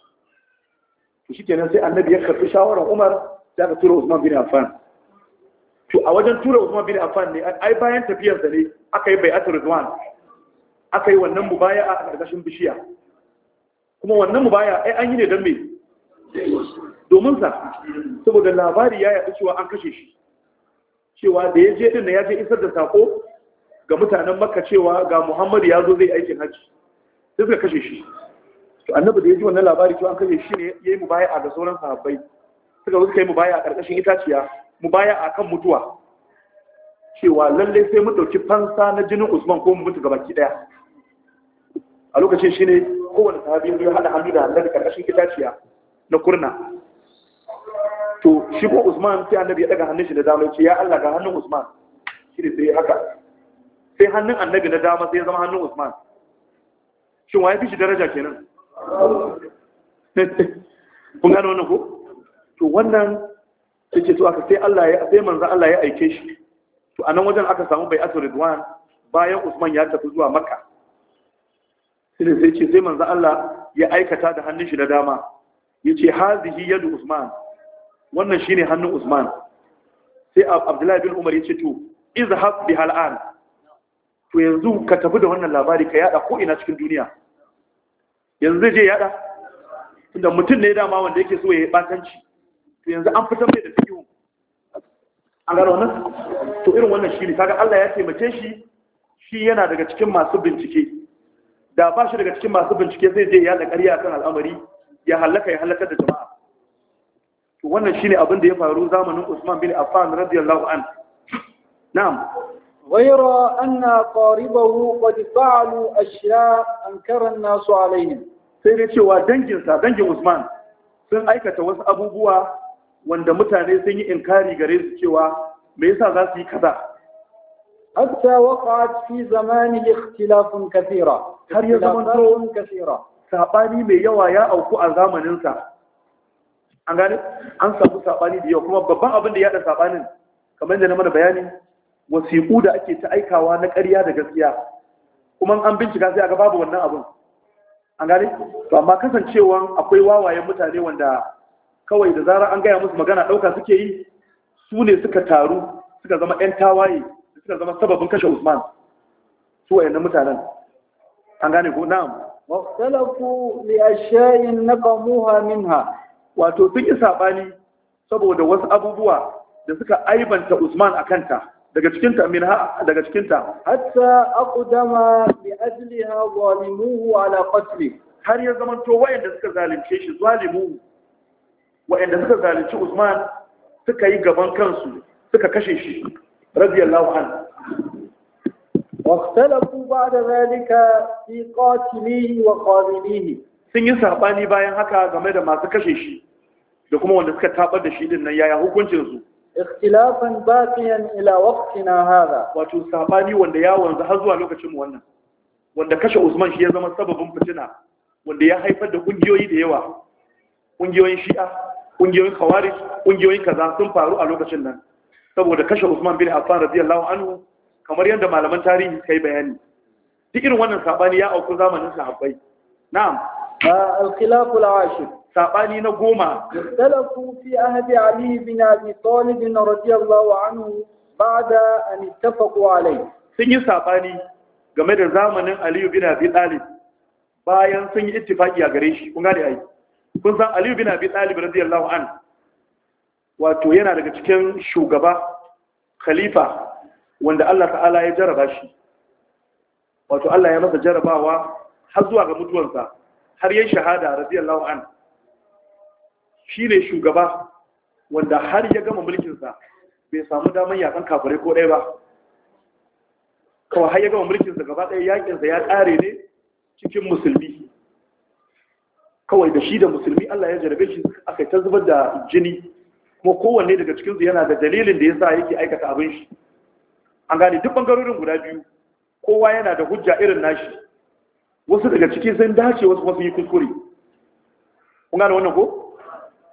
[SPEAKER 1] to shi kenan sai annabi ya karfi shawarar umar sai aka tura usman bin affan to a wajen tura usman bin affan ne ai bayan tafiyar da ne aka yi bai'atul ridwan aka yi wannan mubaya a ƙarƙashin bishiya kuma wannan mubaya ai an yi ne don me domin sa saboda labari ya yaɗu cewa an kashe shi cewa da ya je din ya je isar da sako ga mutanen makka cewa ga muhammadu ya zo zai aikin hajji sai suka kashe shi to annabi da ya ji wannan labari cewa an kashe shi ne ya yi mubaya'a da sauran sahabbai suka suka yi mubaya'a ƙarƙashin itaciya mubaya'a kan mutuwa cewa lallai sai mu ɗauki fansa na jinin Usman ko mu mutu gabaki ɗaya. a lokacin ne kowane sahabi ya hada hannu da da ƙarƙashin itaciya na kurna to shi ko Usman sai annabi ya ɗaga hannun shi da dama ce ya Allah ga hannun Usman shi ne sai haka sai hannun annabi na dama sai ya zama hannun Usman shin waye fi shi daraja kenan kun gano wannan ko to wannan ce to aka sai Allah ya sai manzo Allah ya aike shi to anan wajen aka samu bai bai'atul ridwan bayan Usman ya tafi zuwa Makka sai sai ce sai manzo Allah ya aikata da hannun shi na dama yace hazihi yadu Usman wannan shine hannun Usman sai Abdullahi bin Umar yace to izhab bihal an to yanzu ka tafi da wannan labari ka yada ko ina cikin duniya yanzu zai je yada tunda mutum ne dama wanda yake so ya yi bakanci to yanzu an fitar mai da fikihu an gano wannan to irin wannan shi ne kaga Allah ya taimake shi shi yana daga cikin masu bincike da ba shi daga cikin masu bincike zai je yada ƙarya kan al'amari ya halaka ya halakar da jama'a to wannan shine abin da ya faru zamanin Usman bin Affan radiyallahu an na'am
[SPEAKER 2] غير أن قاربه قد فعلوا أشياء أنكر الناس عليهم sai cewa
[SPEAKER 1] danginsa dangin Usman sun aikata wasu abubuwa wanda mutane sun yi inkari gare su cewa me yasa za su yi kaza
[SPEAKER 2] hatta waqa'at fi zamani ikhtilafun kathira har ya zama to kathira sabani mai yawa ya
[SPEAKER 1] auku a zamanin an gane samu sabani da yawa kuma babban abin da ya da kamar da na mana bayani wasiƙu da ake ta aikawa na ƙarya da gaskiya kuma an bincika sai a babu wannan abin. an gane to amma kasancewan akwai wawayen mutane wanda kawai da zarar an gaya musu magana ɗauka suke yi su ne suka taru suka zama 'yan tawaye suka zama sababin kashe usman su wayannan mutanen an gane ko na'am
[SPEAKER 2] waktalafu li ashayin
[SPEAKER 1] naqamuha minha wato sun yi saɓani saboda wasu abubuwa da suka aibanta usman a kanta. daga cikinta min ha daga cikinta
[SPEAKER 2] hatta aqdama li ajliha zalimuhu ala qatli har ya zaman to wayanda suka zalunce shi zalimu wayanda suka zalunce Usman suka yi gaban
[SPEAKER 1] kansu suka kashe shi radiyallahu anhu
[SPEAKER 2] واختلفوا بعد ذلك في قاتليه وقاتليه sun yi sabani
[SPEAKER 1] bayan haka game da masu kashe shi da kuma wanda suka tabar da shi din nan yaya hukuncin su
[SPEAKER 2] ikhtilafan baqiyan ila waqtina hadha wato sabani wanda ya wanzu har zuwa lokacin mu wannan
[SPEAKER 1] wanda kashe Usman shi ya zama
[SPEAKER 2] sababin fitina
[SPEAKER 1] wanda ya haifar da kungiyoyi da yawa kungiyoyin Shi'a kungiyoyin Khawarij kungiyoyin kaza sun faru a lokacin nan saboda kashe Usman bin Affan radiyallahu anhu kamar yadda malaman tarihi kai bayani duk irin wannan sabani ya auku zamanin sahabbai na'am al-khilaful ashir Saɓani na goma
[SPEAKER 2] ikhtalafu fi ahdi ali bin abi talib radiyallahu anhu ba'da an ittafaqu alayhi
[SPEAKER 1] sun yi saɓani game da zamanin ali bin abi talib bayan sun yi ittifaki a gare shi kun gane ai kun san ali bin abi talib radiyallahu anhu wato yana daga cikin shugaba khalifa wanda Allah ta'ala ya jaraba shi wato Allah ya masa jarabawa har zuwa ga mutuwansa har yin shahada radiyallahu anhu shi ne shugaba wanda har ya gama mulkinsa bai samu damar yakan kafirai ko ɗaya ba kawai har ya gama mulkinsa gaba ɗaya yakinsa ya ƙare ne cikin musulmi kawai da shi da musulmi Allah ya jarabe shi aka ta zubar da jini kuma kowanne daga cikinsu yana da dalilin da ya sa yake aikata abin shi an gane duk ɓangarorin guda biyu kowa yana da hujja irin nashi wasu daga ciki sun dace wasu wasu yi kuskure kun gane wannan ko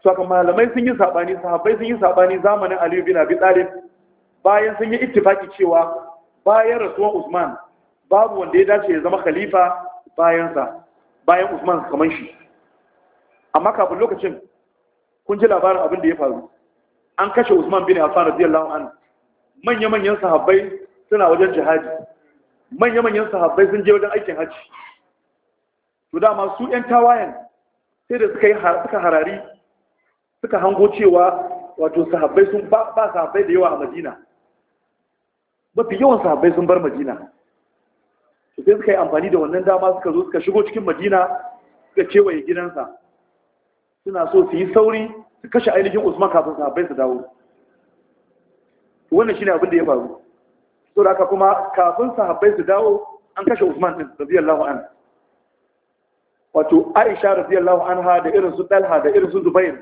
[SPEAKER 1] saka malamai sun yi sabani sahabbai sun yi sabani zamanin Ali bin Abi Talib bayan sun yi ittifaki cewa bayan rasuwan Usman babu wanda ya dace ya zama khalifa bayan sa bayan Usman kaman shi amma kafin lokacin kun ji labarin abin da ya faru an kashe Usman bin Affan radiyallahu anhu manya-manyan sahabbai suna wajen jihadi manya-manyan sahabbai sun je wajen aikin hajji to dama su 'yan tawayen sai da suka yi suka harari suka hango cewa wato sahabbai sun ba sahabbai da yawa a madina mafi yawan sahabbai sun bar madina to sai suka yi amfani da wannan dama suka zo suka shigo cikin madina suka cewa ya gidansa suna so su yi sauri su kashe ainihin usman kafin sahabbai su dawo wannan shine abin da ya faru da aka kuma kafin sahabbai su dawo an kashe usman din radiyallahu anhu wato aisha radiyallahu anha da irin su Talha da irin su zubair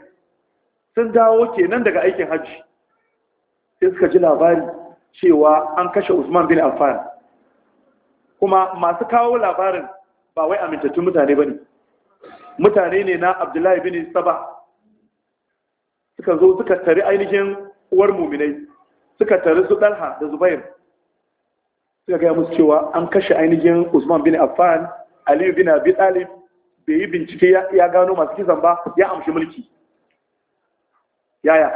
[SPEAKER 1] sun dawo ke nan daga aikin hajji sai suka ji labari cewa an kashe Usman bin Affan kuma masu kawo labarin ba wai amintattun mutane ba ne mutane ne na Abdullahi bin Saba suka zo suka tari ainihin uwar muminai suka tari su Dalha da Zubair suka gaya musu cewa an kashe ainihin Usman bin Affan Aliyu bin Abi Talib bai yi bincike ya gano masu kisan ba ya amshi mulki yaya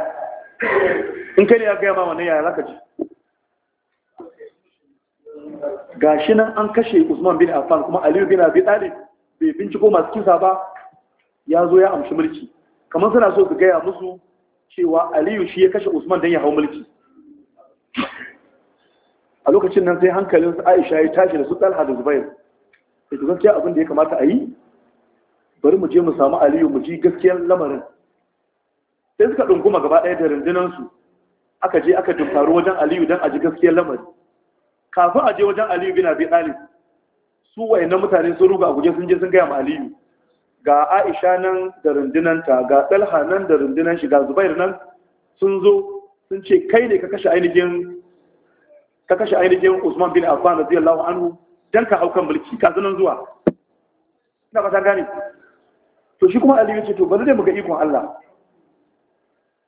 [SPEAKER 1] in kai ne ya gaya ma wani yaya ci Ga shi nan an kashe Usman bin Affan kuma Aliyu bin Abi tsari bai binciko masu kisa ba ya zo ya amshi mulki kamar suna so su gaya musu cewa Aliyu shi ya kashe Usman don ya hau mulki a lokacin nan sai hankalin su Aisha ya tashi da su Talha da Zubair sai gaskiya abin da ya kamata a yi bari mu je mu samu Aliyu mu ji gaskiyar lamarin sai suka ɗunguma gaba ɗaya da rundunansu aka je aka dumfaru wajen aliyu don a ji gaskiyar lamari kafin a je wajen aliyu bin abi talib su wayannan mutane sun ruga a guje sun je sun gaya ma aliyu ga aisha nan da rundunanta ga talha nan da rundunan shi ga zubair nan sun zo sun ce kai ne ka kashe ainihin ka kashe ainihin usman bin affan radiyallahu anhu dan ka haukan mulki ka zunan zuwa ina ba ta gane to shi kuma aliyu ce to bari dai mu ga ikon Allah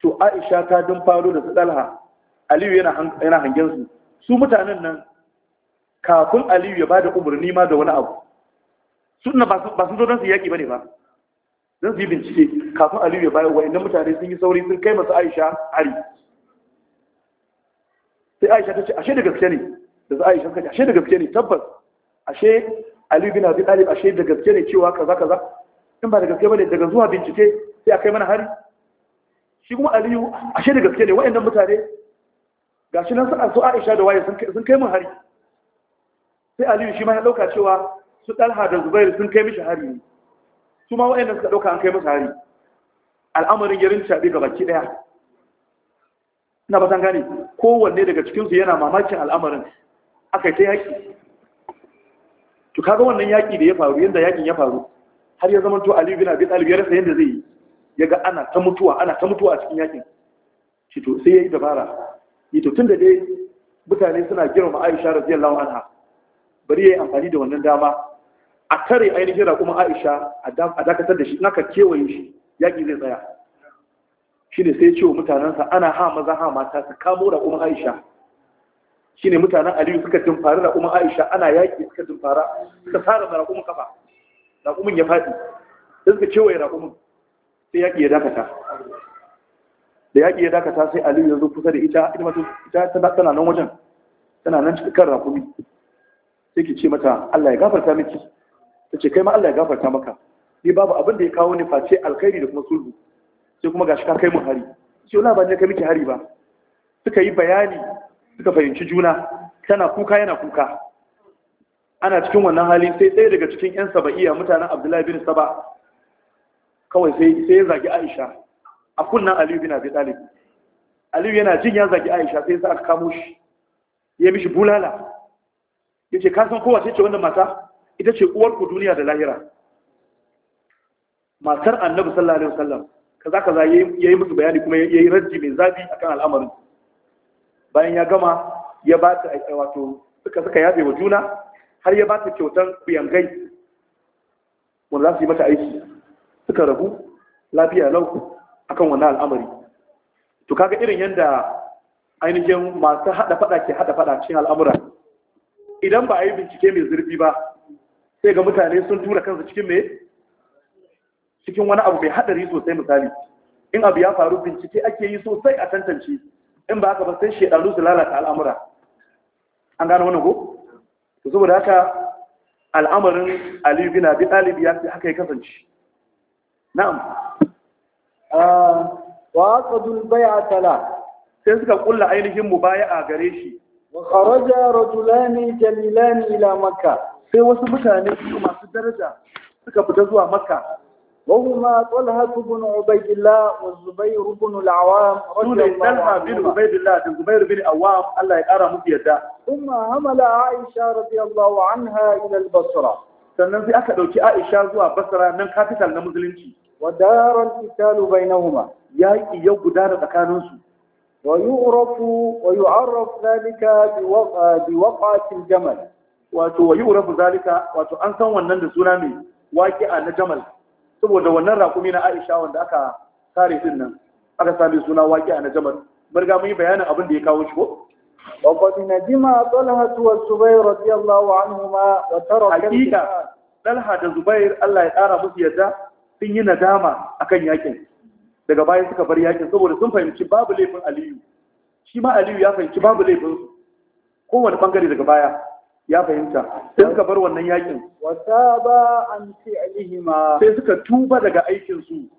[SPEAKER 1] to aisha ta dun faro da su talha aliyu yana hangen su su mutanen nan kafin aliyu ya bada umarni ma da wani abu suna ba su zo don su yaƙi ba ne ba don su yi bincike kafin aliyu ya bayar wa'in mutane sun yi sauri sun kai masu aisha hari sai aisha ta ce ashe da gaske ne da za aisha ta ce ashe da gaske ne tabbas ashe aliyu bin abi talib ashe da gaske ne cewa kaza kaza in ba da gaske bane daga zuwa bincike sai a kai mana hari shi kuma aliyu ashe da gaske ne wa'annan mutane ga shi nan sa'an su aisha da waye sun kai mun hari sai aliyu shi ma ya ɗauka cewa su ɗalha da zubairu sun kai mishi hari ne su ma wa'annan suka ɗauka an kai masa hari al'amarin yarin rinci ga gabaki ɗaya na ba san gane kowanne daga cikinsu yana mamakin al'amarin aka yi ta yaƙi to kaga wannan yaƙi da ya faru yadda yaƙin ya faru har ya zama to aliyu bin abi talib yadda zai yi ya ga ana ta mutuwa ana ta mutuwa a cikin yakin shi to sai ya yi dabara yi to tun da dai mutane suna girma aisha radiyallahu anha bari ya yi amfani da wannan dama a tare ainihin raƙuma aisha a dakatar da shi ka kewaye shi yaƙi zai tsaya shi ne sai cewa mutanensa ana ha maza ha mata su kamo raƙuma aisha shi ne mutanen aliyu suka tumfari raƙuma aisha ana yaƙi suka tumfara suka da raƙumin kafa raƙumin ya faɗi sai suka kewaye raƙumin sai yaƙi ya dakata da yaƙi ya dakata sai aliyu ya zo kusa da ita ita mato ita tana nan wajen tana nan cikin kan rakumi sai ki ce mata Allah ya gafarta miki ta ce kai ma Allah ya gafarta maka ni babu abin da ya kawo ni face alkhairi da kuma sulhu sai kuma gashi ka kai mu hari sai wala ba ne ka miki hari ba suka yi bayani suka fahimci juna tana kuka yana kuka ana cikin wannan hali sai ɗaya daga cikin 'yan saba'iya mutanen abdullahi bin saba kawai sai ya zagi aisha a kunnan aliyu bin abi talib aliyu yana jin ya zagi aisha sai ya aka kamo shi ya mishi bulala ya ce kasan kowace ce wannan mata ita ce uwar ku duniya da lahira matar annabi sallallahu alaihi wasallam kaza kaza yayi musu bayani kuma yayi rajji mai zafi akan al'amarin bayan ya gama ya ba ta eh, wato suka suka yabe wa juna har ya ba ta kyautan kuyangai wanda za su yi mata aiki suka rabu lafiya lau a kan wannan al'amari to kaga irin yadda ainihin masu haɗa faɗa ke haɗa faɗa cikin al'amura idan ba a yi bincike mai zurfi ba sai ga mutane sun tura kansu cikin mai cikin wani abu mai haɗari sosai misali in abu ya faru bincike ake yi sosai a tantance in ba haka ba sai shekaru su lalata al'amura an gano wani ko? saboda haka al'amarin alibi na bi ɗalibi ya fi haka ya kasance
[SPEAKER 2] na'am ah, wa aqadul bai'a tala sai suka kulla ainihin a gare shi wa kharaja rajulani jalilani ila makka sai wasu mutane masu daraja suka fita zuwa makka وهما طلحة بن عبيد الله والزبير بن العوام رضي الله طلحة بن عبيد الله والزبير بن العوام الله يقرأ مبيدا ثم همل عائشة رضي الله عنها إلى البصرة
[SPEAKER 1] sannan sai aka ɗauki Aisha zuwa Basra nan capital na musulunci
[SPEAKER 2] wa daral qitalu bainahuma yaqi ya gudana tsakanin su wa yu'rafu wa yu'arraf zalika bi waqa bi waqati al-jamal wato wa
[SPEAKER 1] yu'rafu zalika wato an san wannan da suna mai waqi'a na jamal saboda wannan raƙumi na Aisha wanda aka kare din nan aka sami suna waqi'a na jamal mun ga mun yi bayanin abin da ya kawo shi ko
[SPEAKER 2] وقد ندم طلحة والزبير رضي الله عنهما وترك حقيقة
[SPEAKER 1] طلحة والزبير الله يقارى musu yadda sun yi nadama akan daga bayan suka bar yakin saboda sun fahimci babu laifin Aliyu shi ma Aliyu ya fahimci babu laifin kowane bangare daga baya ya fahimta sai suka bar wannan yakin
[SPEAKER 2] ba an alihima sai
[SPEAKER 1] suka tuba daga aikin
[SPEAKER 2] su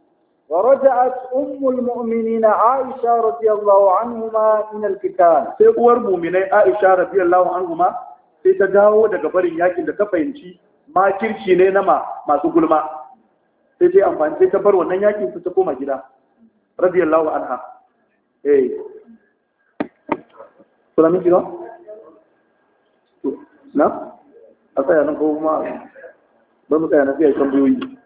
[SPEAKER 2] ورجعت أم المؤمنين عائشة رضي الله عنهما من القتال
[SPEAKER 1] سيقوار مؤمنين عائشة رضي الله عنهما
[SPEAKER 2] سيتجاو دقبرين
[SPEAKER 1] ياكين دقفينشي ما كيرشي نينما ما سقول ما سيتي أمفان سيتبر ونن ياكين ستقوم جدا رضي الله عنها
[SPEAKER 3] اي
[SPEAKER 2] سلامي كيرو
[SPEAKER 1] نعم أتايا نقوم ما بمتايا نسيا يشمبيوي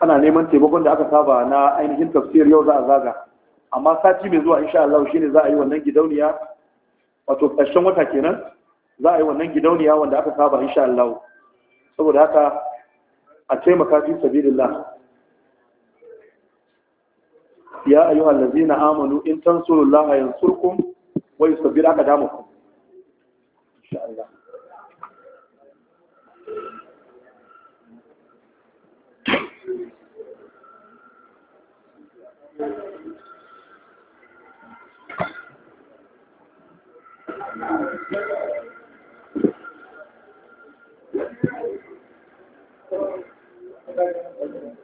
[SPEAKER 1] ana neman taimakon da aka saba na ainihin tafsir yau za a zaga. Amma sati mai zuwa insha Allah shine za a yi wannan gidauniya wato ƙarshen wata kenan za a yi wannan gidauniya wanda aka saba insha Allah. saboda haka a taimaka fi sabilillah ya ayyuha na amanu in tansurullaha yansurkum wa yusabbir aqdamakum insha
[SPEAKER 3] Allah Thank you. Gracias.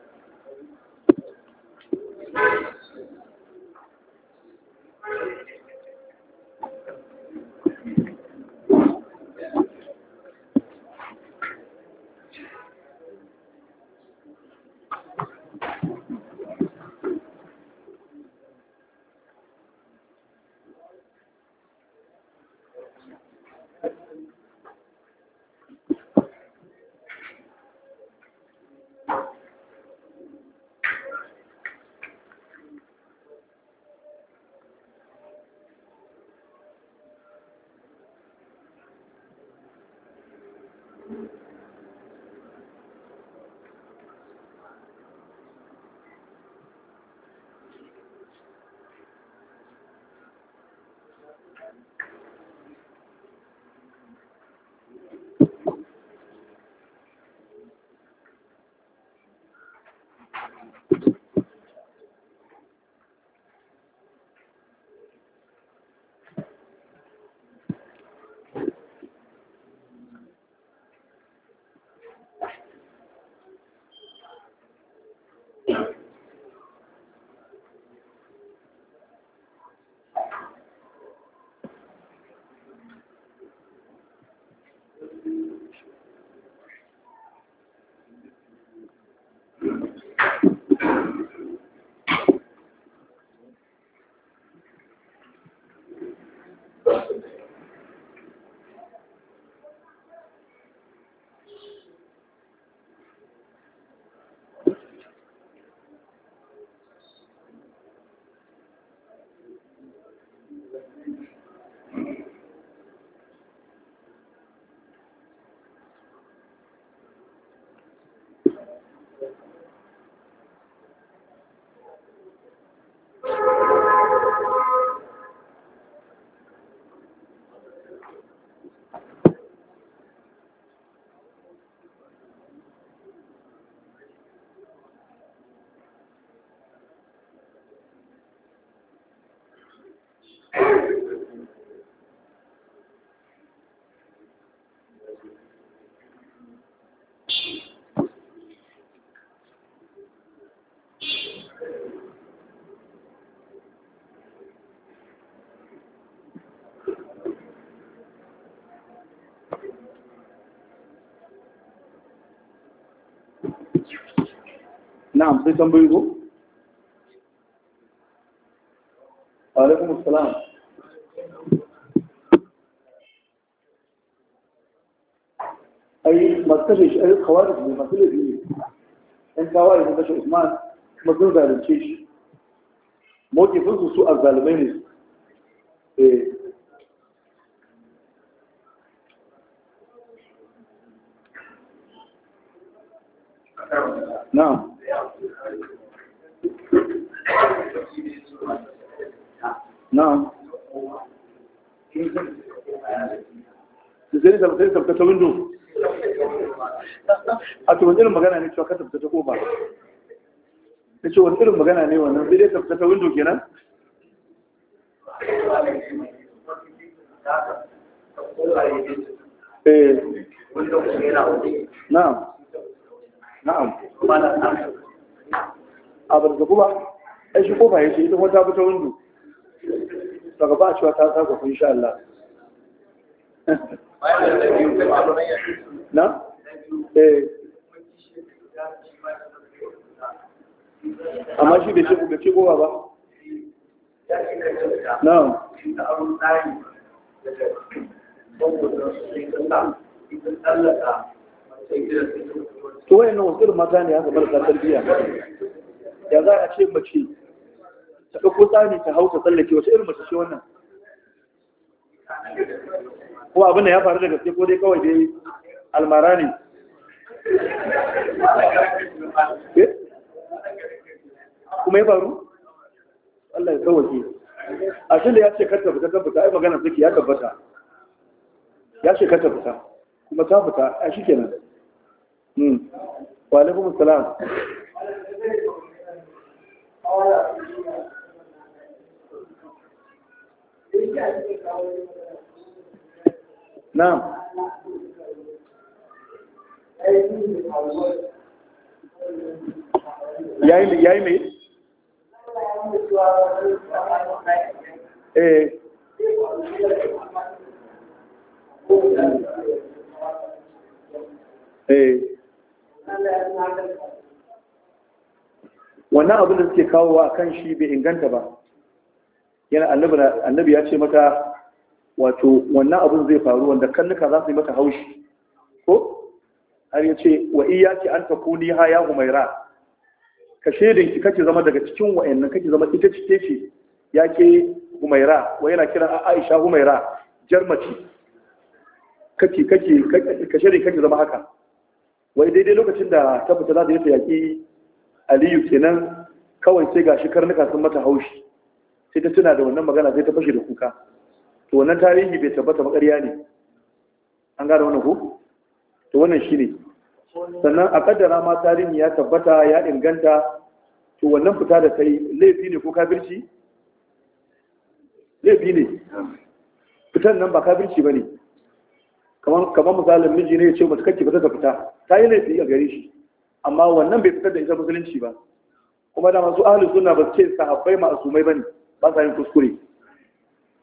[SPEAKER 1] نعم sai tambayi ko السلام
[SPEAKER 2] أي ما تتبعش أي خوارج من مسألة دي أنت خوارج من باشا عثمان
[SPEAKER 1] ما تنزل الشيش موتي فلسوا سوء الظالمين ce wani irin magana ne wannan zai dai ka fita ta windo kenan
[SPEAKER 3] eh na'am na'am
[SPEAKER 1] a barka kuma ai shi kofa yake ita wata fita windo? daga ba cewa
[SPEAKER 3] ta saka ku insha Allah na eh amma shi bai ce ce kowa ba Na.
[SPEAKER 1] to wayan nan wasu mata ne da marasa biya ya za a ce mace ta ɗauko tsani ta hau ta tsallake wace irin mace ce wannan ko abin da ya faru da gaske ko dai kawai dai almara ne eh? kuma ya faru Allah ya ke. a shi da ya ce karta fita ta fita ai magana suke ya tabbata ya ce karta fita kuma ta fita a
[SPEAKER 2] shi ke nan. Hmm. wa alaikum
[SPEAKER 3] Na ya yayi mai Eh. Eh.
[SPEAKER 1] wannan abin da suke kawo a kan shi bai inganta ba yana annabi ya ce mata wato wannan abin zai faru wanda kallika za su yi mata haushi ko har ya ce wa iya ce an kuni ha mai ra' ka shedin ki kake zama daga cikin wayannan kake zama ita ce ce yake Humaira wa yana kira Aisha Humaira jarmaci kake kake ka shedin kake zama haka wai daidai lokacin da ta fita za ta yi yaki Aliyu kenan kawai sai gashi karnuka sun mata haushi sai ta tuna da wannan magana sai ta fashe da kuka to wannan tarihi bai tabbata ba ƙarya ne an gane wannan ko to wannan shine sannan a kaddara ma tarihi ya tabbata ya inganta to wannan fita da kai laifi ne ko kafirci laifi ne fitan nan ba kafirci ba ne kamar misalin miji ne ya ce mace kake fita ta fita ta yi laifi a gare shi amma wannan bai fitar da ita musulunci ba kuma da masu ahalin suna ba ce sahabbai ma'asumai ba ne ba sa yin kuskure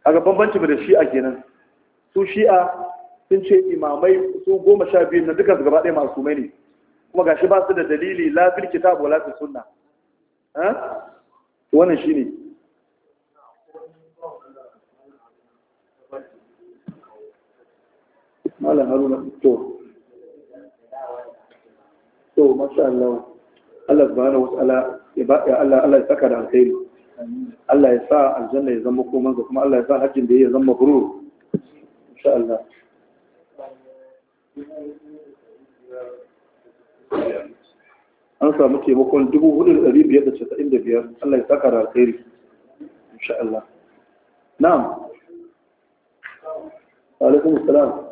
[SPEAKER 1] kaga bambanci da shi'a kenan su shi'a sun ce imamai su goma sha biyu na dukkan su gaba ɗaya masu ne kuma ga shi ba su da dalili la kita kitab wala fil sunna wannan ne. malam haruna to to masu Allah Allah ba na wasu ya Allah Allah ya saka da alkhairi Allah ya sa aljanna ya zama komansa kuma Allah ya sa hajjin da ya zama mabrur insha Allah an samu taimakon 4,595 Allah ya saka da alkhairi insha Allah na'am
[SPEAKER 2] alaikum salam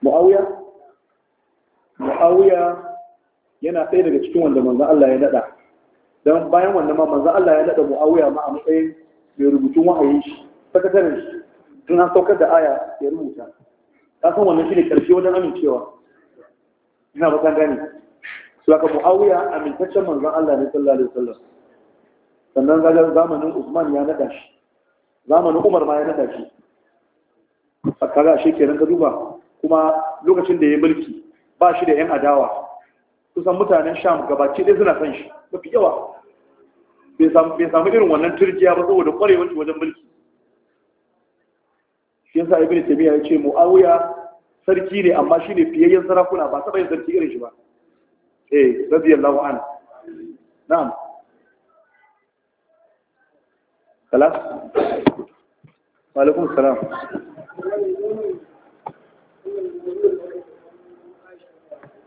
[SPEAKER 2] mu'awiya mu'awiya yana ɗaya daga cikin wanda manzan Allah ya daɗa,
[SPEAKER 1] don bayan wanda ma manzan Allah ya daɗa mu'awiya ma a matsayin mai rubutun wahayin shi sakataren shi tun an saukar da aya ya rubuta Ta san wannan shi ne karshe wajen amincewa ina ba kan gane su aka muawiya amintaccen manzon Allah ne sallallahu alaihi wasallam sannan zagar zamanin Usman ya nada shi zamanin Umar ma ya nada shi A kaga shi kenan ka duba kuma lokacin da ya yi mulki ba shi da yan adawa kusan mutanen Sham gabaci ɗaya suna san shi mafi yawa bai samu irin wannan turjiya ba saboda kwarewar shi wajen mulki shi yasa ibn taymiya ya ce muawiya sarki ne amma shi ne fiyayyen sarakuna ba taɓa yin sarki irin shi ba eh radiyallahu an na'am Wa a'laikum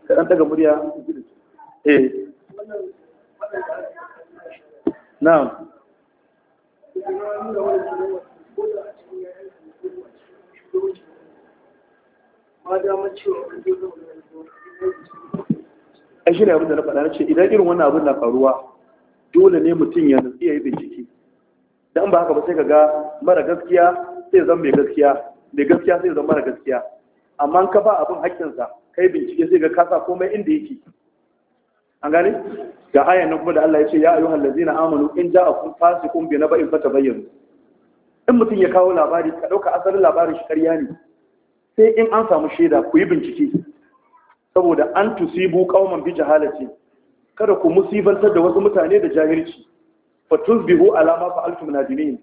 [SPEAKER 1] السلام كان daga murya eh na'am ai shi ne abin da na faɗa na ce idan irin wannan abin na faruwa dole ne mutum ya iya yi bincike dan ba haka ba sai ka ga mara gaskiya sai zan mai gaskiya mai gaskiya sai zan mara gaskiya amma ka ba abin haƙƙinsa kai bincike sai ga kasa komai inda yake an gane ga ayan nan kuma da Allah ya ce ya ayyuhal ladzina amanu in kun fasikun bi naba'in fatabayyanu in mutum ya kawo labari ka dauka asalin labarin shi ƙarya ne sai in an samu shaida ku yi bincike saboda an tusibu qauman bi jahalati kada ku musibantar da wasu mutane da jahilci fa tusbihu ala ma fa'altum nadimin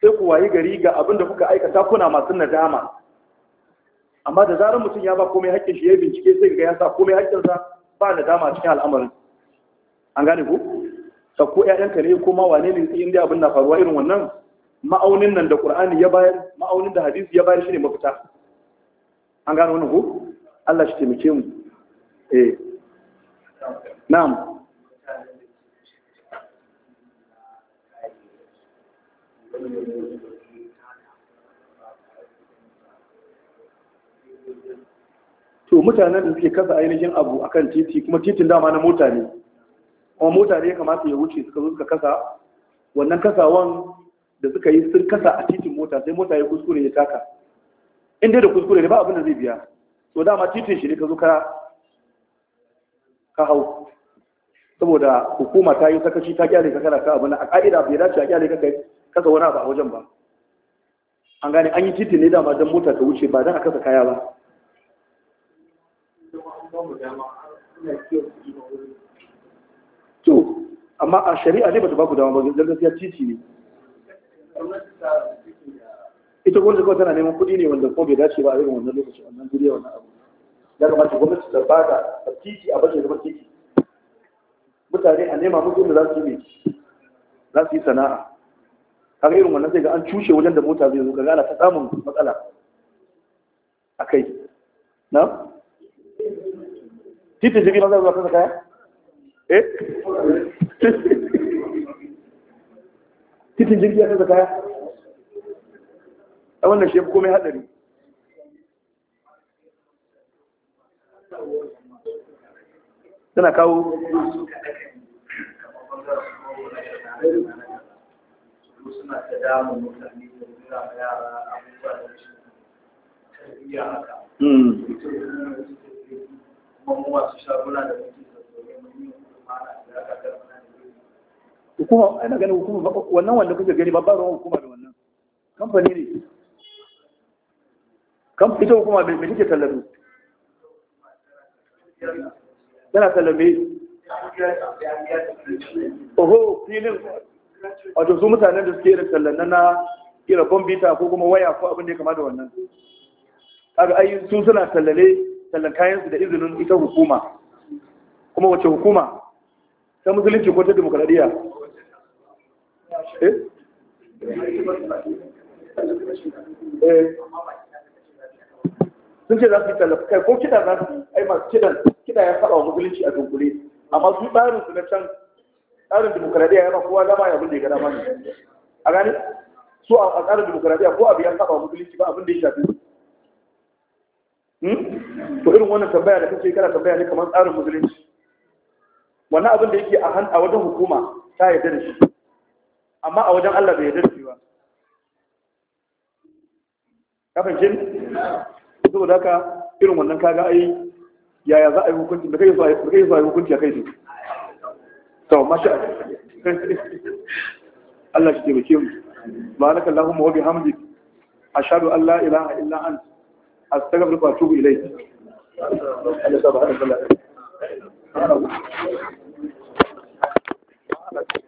[SPEAKER 1] sai ku wayi gari ga abin da kuka aikata kuna masu nadama amma da zarar mutum ya ba komai haƙƙin shi ya bincike sai ga ya sa komai sa ba nadama cikin al'amarin an gane ku sakko ƴaƴanka ne ko ma wane ne in dai abin na faruwa irin wannan ma'aunin nan da Qur'ani ya bayar ma'aunin da hadisi ya bayar shine mafita an gane wannan ku Allah shi taimake
[SPEAKER 3] mu eh na'am
[SPEAKER 1] to mutanen da suke kasa ainihin abu akan titi kuma titin dama na mota ne kuma mota ne ya kamata ya wuce suka zo suka kasa wannan kasawan da suka yi sun kasa a titin mota sai mota ya kuskure ya taka in dai da kuskure ne ba abin da zai biya so dama titin shi ne ka zo ka ka hau saboda hukuma ta yi sakaci ta kyale ka kana ka abin a ka'ida bai dace a kyale ka kai kasa wani abu a wajen ba an gane an yi titin ne dama don mota ta wuce ba don a kasa kaya ba amma a shari'a ne ba ta baku dama ba zan ya titi ne ita gwamnati kawai tana neman kuɗi ne wanda kuma bai dace ba a irin wannan lokacin wannan duniya wannan abu ya kamata gwamnati ta ba da titi a bashi zama titi mutane a nema mutum da za su yi za su yi sana'a kaga irin wannan sai ga an cushe wajen da mota zai zo kaga ana ta samun matsala a kai na titin jirgin ma zai su kaya eh titin jirgi ya canza kaya a wannan shi ya komai haɗari tana kawo
[SPEAKER 3] suna ta damu mutane da yara abubuwa da shi tarbiyya haka.
[SPEAKER 1] Kuma mu masu da mutum da hukuma ana ganin hukuma wannan wanda kuke gani babbar ruwan hukuma da wannan kamfani ne ita hukuma mai take tallafi Tana tallafi oho filin wato su mutanen da suke irin tallan na irin bombita ko kuma waya ko abin da ya kama da wannan kaga ai su suna tallale tallan kayansu da izinin ita hukuma kuma wace hukuma ta musulunci ko ta demokradiyya Eh? Eh. sun ce za su yi tallafi kai ko kiɗa za su ai masu kiɗan kiɗa ya faɗa wa musulunci a dunkule amma su tsarin su na can tsarin dimokuraɗiyya yana kowa dama ya bude ya gada mani a gani su a tsarin dimokuraɗiyya ko abu ya faɗa wa musulunci ba abin da ya shafi hmm? to irin wannan tambaya da kake kana tambaya ne kamar tsarin musulunci wannan abin da yake a wajen hukuma ta yarda da shi amma a wajen Allah bai dace ba kafin jin zuwa daga irin wannan kaga ai yaya za a yi hukunci da kai zuwa yi hukunci a kai ne to masha Allah shi ke taimake mu baraka Allahumma wa bihamdi ashhadu an la ilaha illa anta astaghfiruka wa atubu ilayk
[SPEAKER 3] Allah subhanahu wa ta'ala